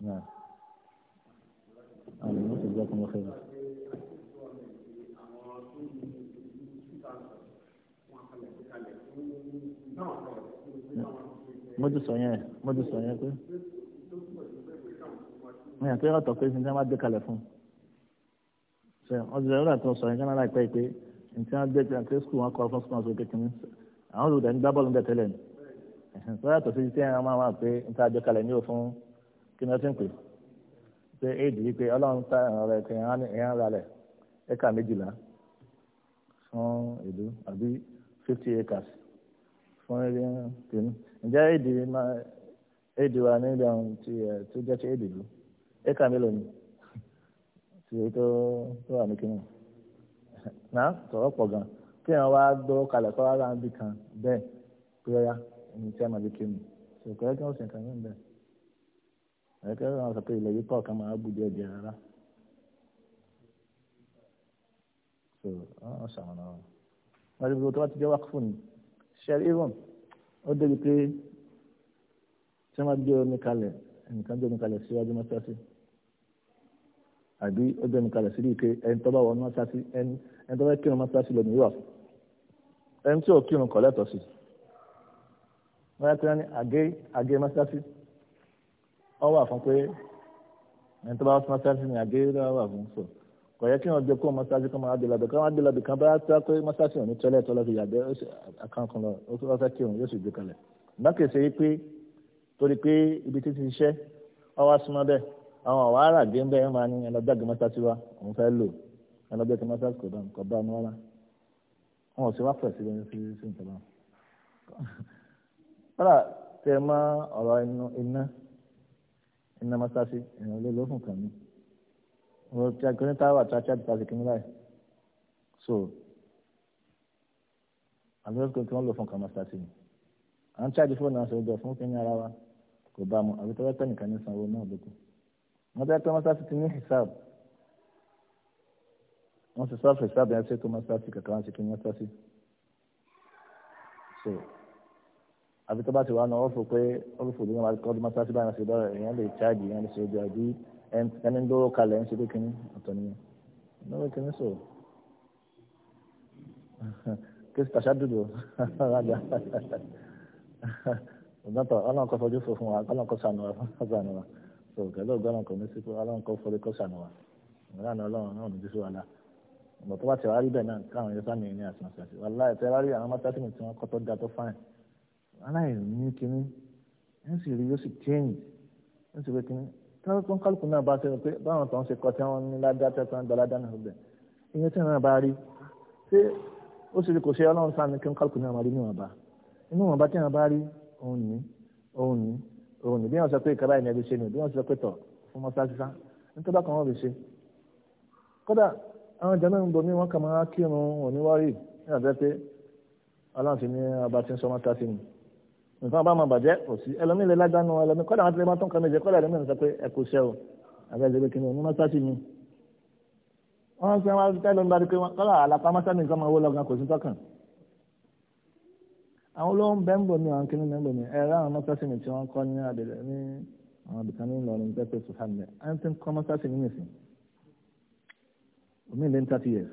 نعم آمين جزاكم الله خيرا mo ti sọ yẹn mo ti sọ yẹn pé mo yàn pé ọ̀tọ̀ pé ní tí wọ́n bá gbé kalẹ̀ fún un ṣe ọdún ẹ̀rọ àti ọ̀sọ̀ yẹn kánà láìpẹ́ pé ní tí wọ́n gbé àti skul wọn kọ́ fún skul ọ̀sọ̀ kékeré àwọn olùdarí ń gbá bọ́ọ̀lù ń bẹ̀ tẹ́lẹ̀ ní sọ yàtọ̀ sí ti ẹ̀rọ máa wà pé ní tí wọ́n kalẹ̀ ní o kí ni wọ́n ti ń pè pé éèdì yìí pé ọlọ́run ta ẹ̀ràn rẹ̀ pé ẹ̀ràn ralẹ̀ ẹ̀ka méjìlá fún ìlú àbí fifty acres fún ẹ̀rí kìíní ǹjẹ́ éèdì máa éèdì wa ní ìlú tó jẹ́ ti éèdì ìlú ẹ̀ka mélòó ni tí tó tó wà ní tọ̀rọ̀ pọ̀ gan kí ẹ̀ràn wa gbọ́ kalẹ̀ kọ́ ara ń kan bẹ́ẹ̀ pé ẹni tí a máa bí ẹ̀kẹ́ àwọn sọ pé ilẹ̀ yìí pọ̀ kan máa bù díẹ̀ díẹ̀ rárá so wọ́n ṣàwọn ọ̀rọ̀ wọ́n ti bí tó bá ti jẹ́ wákùfù ni ṣẹ́rí rọ̀n ó débi pé tí wọ́n gbé omi kalẹ̀ nǹkan gbé omi kalẹ̀ síwájú mọ́sáàsì àbí ó gbé omi kalẹ̀ sí ike ẹni tó bá wọ mọ́sáàsì ẹni tó bá kírun mọ́sáàsì lónìí yóò wà fún ẹni tí ò kírun kọ̀ lẹ́tọ̀ọ́ sí wọ́n yá kí wọ́n ní àgé àgé mọ́sáàsì ọ wà fún pé ẹni tó bá fún mọ́sáàsì ní àgéyìrá wà fún sọ kò yẹ kí wọn jẹ kó mọ́sáàsì kan máa délabẹ káwọn délabẹ kan bá tá pé mọ́sáàsì òní tọ́lẹ̀ tọ́lẹ̀ fi yàgbẹ́ àkànkàn lọ ó tó fẹ́ kí òun yóò sì gbé kalẹ̀ mákèsè yìí pé torí pé ibi títí iṣẹ́ ọ wá súnmọ́ bẹ́ẹ̀ àwọn ọ̀wá ara gé ń bẹ́ẹ̀ máa ní ẹlọ́gbàgbé mọ́sáàsì wa òun fẹ́ lò ẹlọ́gbàgbé mọ́sáàsì iná mọ́sáṣí èèyàn ló lófún kan ní. wọ́n ti agbẹ́ni táwà tí a ṣáàbì tá a ṣe kí ní láì. so àlọ́ kò tí wọ́n lò fún kan mọ́sáṣí ni. à ń ṣáàjì fóònù àṣẹ ọjọ́ fún kínní ara wa kò bá mu àbí tọ́wọ́ tẹ́nì kan ní sanwó náà lókun. wọ́n tẹ́ pé mọ́sáṣí ti ní hìsáàb wọ́n ti sọ́ọ̀fù hìsáàb yẹn ṣètò mọ́sáṣí kàkà wọ́n ṣe kí ní so àbí tó bá ti wà náà wọ́n fò pé wọ́n fò lóyún àti kọ́dún mọ́sáàsì báyìí ṣe dọ́rọ̀ èèyàn lè chájì èèyàn lè ṣe àbí ẹni dóró kalẹ̀ ń ṣe pé kínní ọ̀tọ̀ nìyẹn lọ́wọ́ kínní sọ kìsì tàṣà dùdù rájà ọ̀dọ́tọ̀ ọlọ́run kọ́ fojú fún wa ọlọ́run kọ́ sànù wa sànù wa tó kẹ́lẹ́ kò ní sí ọlọ́run kọ́ forí kọ́ sànù aláìní kínní ń sì rí yóò sì change ń sì rí kínní táwọn tó ń kálukú náà bá ṣe pé báwọn tó ń ṣe kọ tí wọn ní ládàá tí wọn gba ládàá náà bẹ ìyẹn tí wọn náà bá rí ṣé ó sì rí kò ṣe ọlọ́run sáà ní kí wọn kálukú náà máa rí níwọ̀n bá níwọ̀n bá tí wọn bá rí òun ní òun ní òun ní bí wọn sọ pé ìkàrà ìní ẹbí ṣe ni bí wọn sọ pé tọ fún mọ́sáàsì sá nítorí bákan wọn lè ṣe kódà àwọn jẹ́ náà ń bọ̀ ní wọn kà máa kírun òníwárì ní àbẹ́ pé aláǹfin ní abatí sọmọ́tà sí ni nǹkan bá máa bàjẹ́ kò sí ẹlòmí lè lágbánu ẹlòmí kọ́dà wọn ti lè máa tún kan méje kọ́dà ẹlòmí nìkan pé ẹ kò ṣe o àgbẹ̀jẹ̀ pé kìnìún ní mọ́sáàsì mi. wọ́n ń sẹ́ wọn ti tẹ́lẹ̀ nígbà pé kọ́dà àlàpà mọ́sáàsì nìkan máa wó lọ́gàn kò sí tọ́kàn. àwọn olówó ń bẹ́ ń bọ̀ mí àwọn kìnìún ń bọ̀ mí ẹ ráwọn mọ́sáàsì mi tí wọ́n kọ́ ní à ń ti kọ́ mọ́sáàsì mi nìsín omi ìlẹ́ni thirty years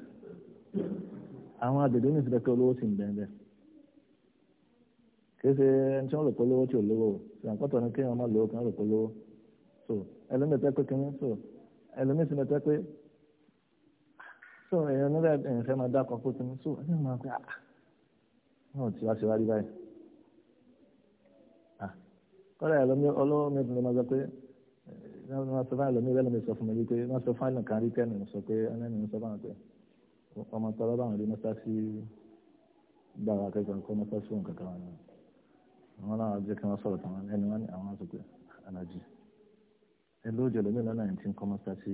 àwọn àgbègbè ní ìsìnkú olówó sì ń bẹ́ẹ̀ bẹ́ẹ̀ kì í ṣe ẹni tí o rò pé lówó tí ò lówó ṣàǹkọ́tọ̀ ni kí wọ́n má lówó kí wọ́n rò pé lówó so ẹlòmíì tẹ́ pé kínní so ẹlòmíì sì tẹ́ pé so èèyàn nílẹ̀ èèyàn fẹ́ máa dákọ̀ pé kínní so ẹni máa pé ah náà tí wàá ṣe wá rí báyìí ah kọ́lá ẹlòmíì olówó mi tún lè máa sọ pé eh, wọ́n sọ fún ẹlòmíì ẹlòmíì sọ fún mi wípé wọ́n sọ fún ẹlòmíì kan rí kẹ́ni sọ pé ẹlẹ́ni sọ fún ọmọ tọ́lọ́ báwọn rí mọ́tà sí gbàgbà kẹ́kọ̀ọ́ kọ́ mọ́tà sí òun kankan wọn àwọn aláwọ̀ jẹ́ kí wọ́n sọ̀rọ̀ tàwọn ẹni wọ́n ní àwọn àtòkè alájí ẹlòjì ẹlòmíràn lọ́nà ẹni tí ń kọ́ mọ́sításí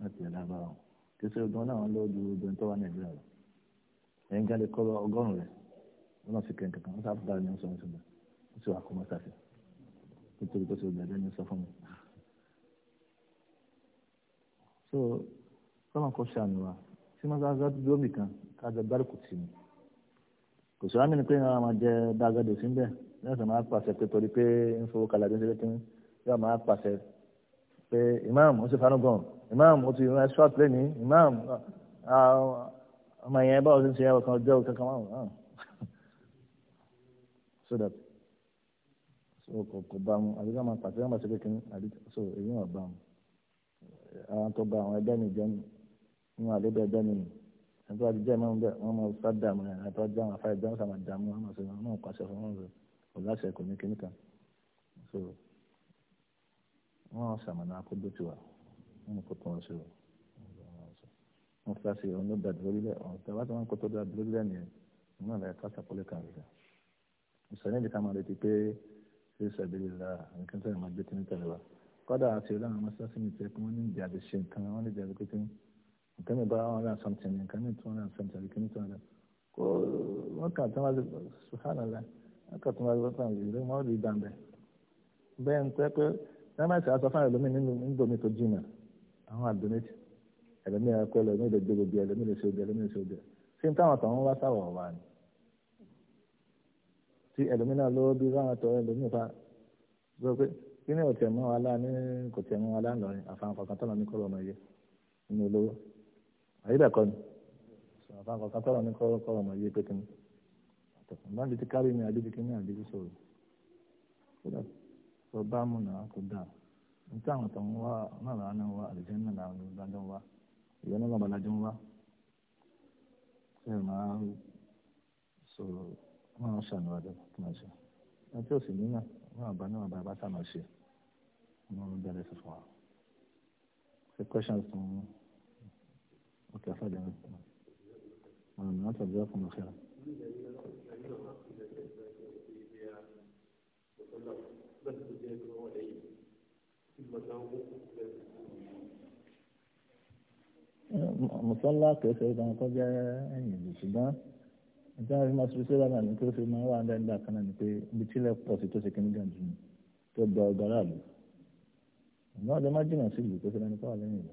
láti ẹ̀dá bá wọn kí sọ ọdún náà wọn lọ́ọ́ ju obìnrin tó wà nàìjíríà lọ ẹ̀yìn jáde kọ́ ọgọ́rùn-ún rẹ̀ wọn sì kẹ́ kankan wọn sábà bá ẹni sọ wọn sọ wọn sì wà kọ́ mọ́sításí nítorí tó ti gbàdé ẹni sọ fún mi. so kọ́nà kọ́ ṣàánú wa tí mọ́sálásí kò sí rámì ni pé wọn máa jẹ dágàdo sí bẹ́ẹ̀ ní ọ̀sán máa pàṣẹ pé torí pé ń fowó kalẹ̀ àti tí yóò máa pàṣẹ pé imam ó ti fanugan imam ó ti rán short lẹ́ni imam ọmọ yẹn báwo ti ń ṣe ẹwọ kan ọjọ́ kankan márùn-ún so that so kò kò bá mu àbí ká máa pàṣẹ ká máa ṣe àbí so èyí wọn bá mu àwọn tó bá àwọn ẹgbẹ́ mi jẹ́ mi wọn àlébẹ̀ ẹgbẹ́ mi nù ẹni tó bá ti jẹ́ ìmọ̀ bẹ́ẹ̀ wọ́n máa sá dààmú ẹ̀ ẹni tó bá jẹ́ àwọn afárá sàmà dààmú wọn máa sọ wọn máa pàṣẹ fún wọn ọ̀làṣẹ kò ní kíníkan so wọn sàmànà akódó tiwa wọn kò tó wọn sí o wọn fi àṣeyọ ọ̀nà dàdú lórílẹ̀ ọ̀n tẹ̀wá tí wọn kò tó dàdú lórílẹ̀ nìyẹn wọn lè ká sàkólé kan rẹ̀ ìsọ̀rọ̀ ìdíkà máa retí pé ṣé sàbílì la nǹkan tẹ̀lé máa gbé tí ní tẹ̀lé nǹkan mi bá one hundred and something nǹkan mi two hundred and something àbí kìíní two hundred kó wọ́n kà tó wọ́n sùhánàlá wọ́n kà tó wọ́n wọ́n kà lè wọ́n rí gbàǹbẹ̀ bẹ́ẹ̀ ń pẹ́ pé nàmásì aṣọ fún ẹlòmíì nínú nídòmí tó jìnnà àwọn àdónétì ẹlòmíì ẹ̀kọ́ ẹlòmíì lè gbé gbogbo ẹlòmíì lè ṣe ojú ẹlòmíì lè ṣe ojú ṣé ní táwọn àtàwọn wá sáwọ̀ wá ni tí ẹlòmíì náà lọ́wọ́ bí ráwọn tọ́ ẹlòmíì fa gbọ́ pé kí ni òtẹ̀mọ́ wa lá ní kò tẹ̀mọ́ wa lá ńlọrin àfàǹfà kan tọ́lọ́ ní kọ́lọ́ ọmọ yẹ nínú olówó àyíbẹ̀ kọ́ ni sọ̀rọ̀ fáwọn kátọ́rọ̀ ní kọ́rọ́ kọ́rọ̀ mọ̀ yé pékin àtọ̀kùn náà lè ti kárí ní àdébí kí ní àdébí sọ̀rọ̀ kódà sọ bá mú nà kó dà ní tí àwọn tàn wá náà làwọn náà wá àlejò náà làwọn ìbàdàn wá ìyẹn náà bàbá lajọ wá ṣe máa sọ̀rọ̀ máa ṣàánú àjọ tó máa ṣe àti òsì nínà náà bá náà bàbá sàmà ṣe wọn bẹ̀rẹ̀ sọ̀rọ̀ wa ṣe questions tó ń وكفى بنا ومن عطى جزاكم خيرا mùsọ́lá kẹsẹ̀ ìgbà nǹkan jẹ́ ẹ̀yìn ìlú ṣùgbọ́n ìjà rí máa ṣiṣẹ́ lánàá ní kí ó fi máa wà ní ẹgbẹ́ kan náà ni pé ibi tí ilẹ̀ pọ̀ sí tó ṣe kíní gàdùn tó gba ọgbà ráàlú ìgbọ́n ọjọ́ má jìnnà sí ìlú tó ṣe lẹ́nu kọ́ wà lẹ́yìn ìlú.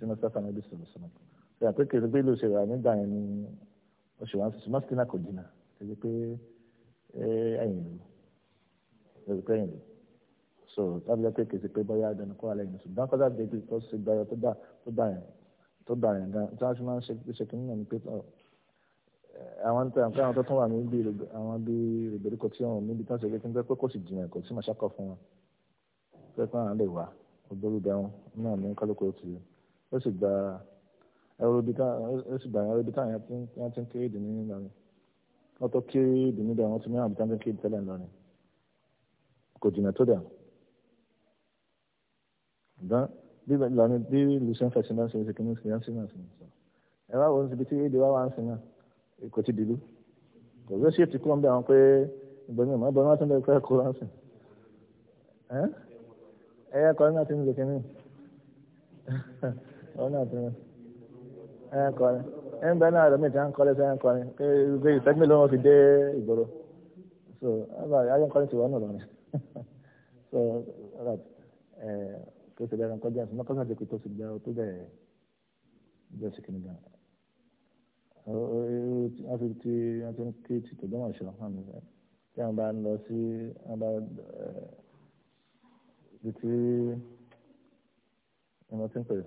sí mọ́sáfà náà bí sọ̀rọ̀ sọ̀rọ̀ ṣe àpé kèrè pé ìlú òṣèré àmìgbà yẹn ni oṣù wa ń sọ̀rọ̀ mọ́sítì náà kò jìnnà ṣe pé ẹ̀yìn ìlú ṣe pé ẹ̀yìn ìlú so tábìlì pé kèrè pé bọ́yá dandan kọ́ alẹ́ yẹn ṣùgbọ́n kọ́dà débi tó ṣe gbáyọ tó dà yẹn tó dà yẹn gan tí wọ́n fi máa ń ṣe kí nínú pé àwọn tó àwọn tó tún wà níbi àwọn bíi rògbòdìkọ tí wọn níbi tán ṣe pé kí n pẹ́ pé kò sì jìnnà kò sí màṣákọ̀ fún wọn pé kí wọn lè wà ó gbólúgbẹ wọn náà ní kálukú ó ti rí ó sì gba ẹrọbítà ó sì gba ẹrọbítà yẹn tí wọ́n ti ń kéré dì ní Ìlọrin wọ́n tó kéré dì ní Ìlọrin wọ́n ti mìíràn àbújá ń kéré tẹ́lẹ̀ Ìlọrin kò jìnnà tó dà ṣùgbọ́n bí Ìlọrin bí lucien fẹsẹ̀ náà ṣe ṣe kí ní ṣe yẹn sí náà sí ní sọ ẹ wá wọn síbi tí èdè wá wá ń sin náà kò ti dìlú kò sí ṣètì kúrò ń bẹ àwọn pé ìgbẹ́ni ọmọ ìbọn wọn ti ń bẹ pẹ́ kúrò ń sìn ẹ ẹ kọ́ ní àti ń lè kí ní ọ̀nà tó ń ẹ̀ kọrin ẹ̀ ń bẹ náà rẹ̀ mìíràn kọ́lé sí ẹ̀ kọrin pé gbé ìsẹ́gbẹ́ ló wọ́n fi dé ìgboro so ọba ayé kọrin ti wọ́n nù lọ́rùn so ọba ẹ̀ tó ti bẹ̀rẹ̀ nǹkan jẹ́ àti mọ́kànlá ti kú tó ti gbẹ́ tó bẹ̀ bẹ́ẹ̀ sì kìíní gan wọ́n fi ti wọ́n ti ń kí ti tó dánwò ṣọ́ hàn mí tí wọ́n bá ń lọ sí wọ́n bá ti ti ẹ̀ ti ń pè é.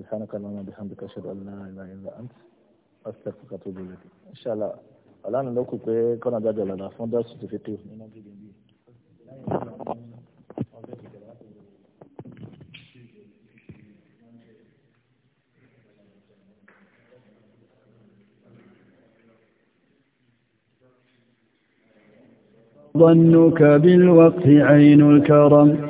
سبحانك اللهم وبحمدك أشهد أن لا إله إلا أنت أستغفرك وأتوب إليك إن شاء الله الآن لو كنت كنا جاد لنا فون درس في ظنك بالوقت عين الكرم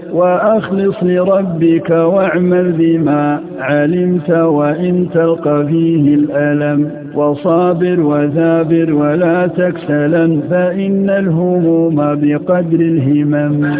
وأخلص لربك واعمل بما علمت وإن تلقى فيه الألم وصابر وذابر ولا تكسلا فإن الهموم بقدر الهمم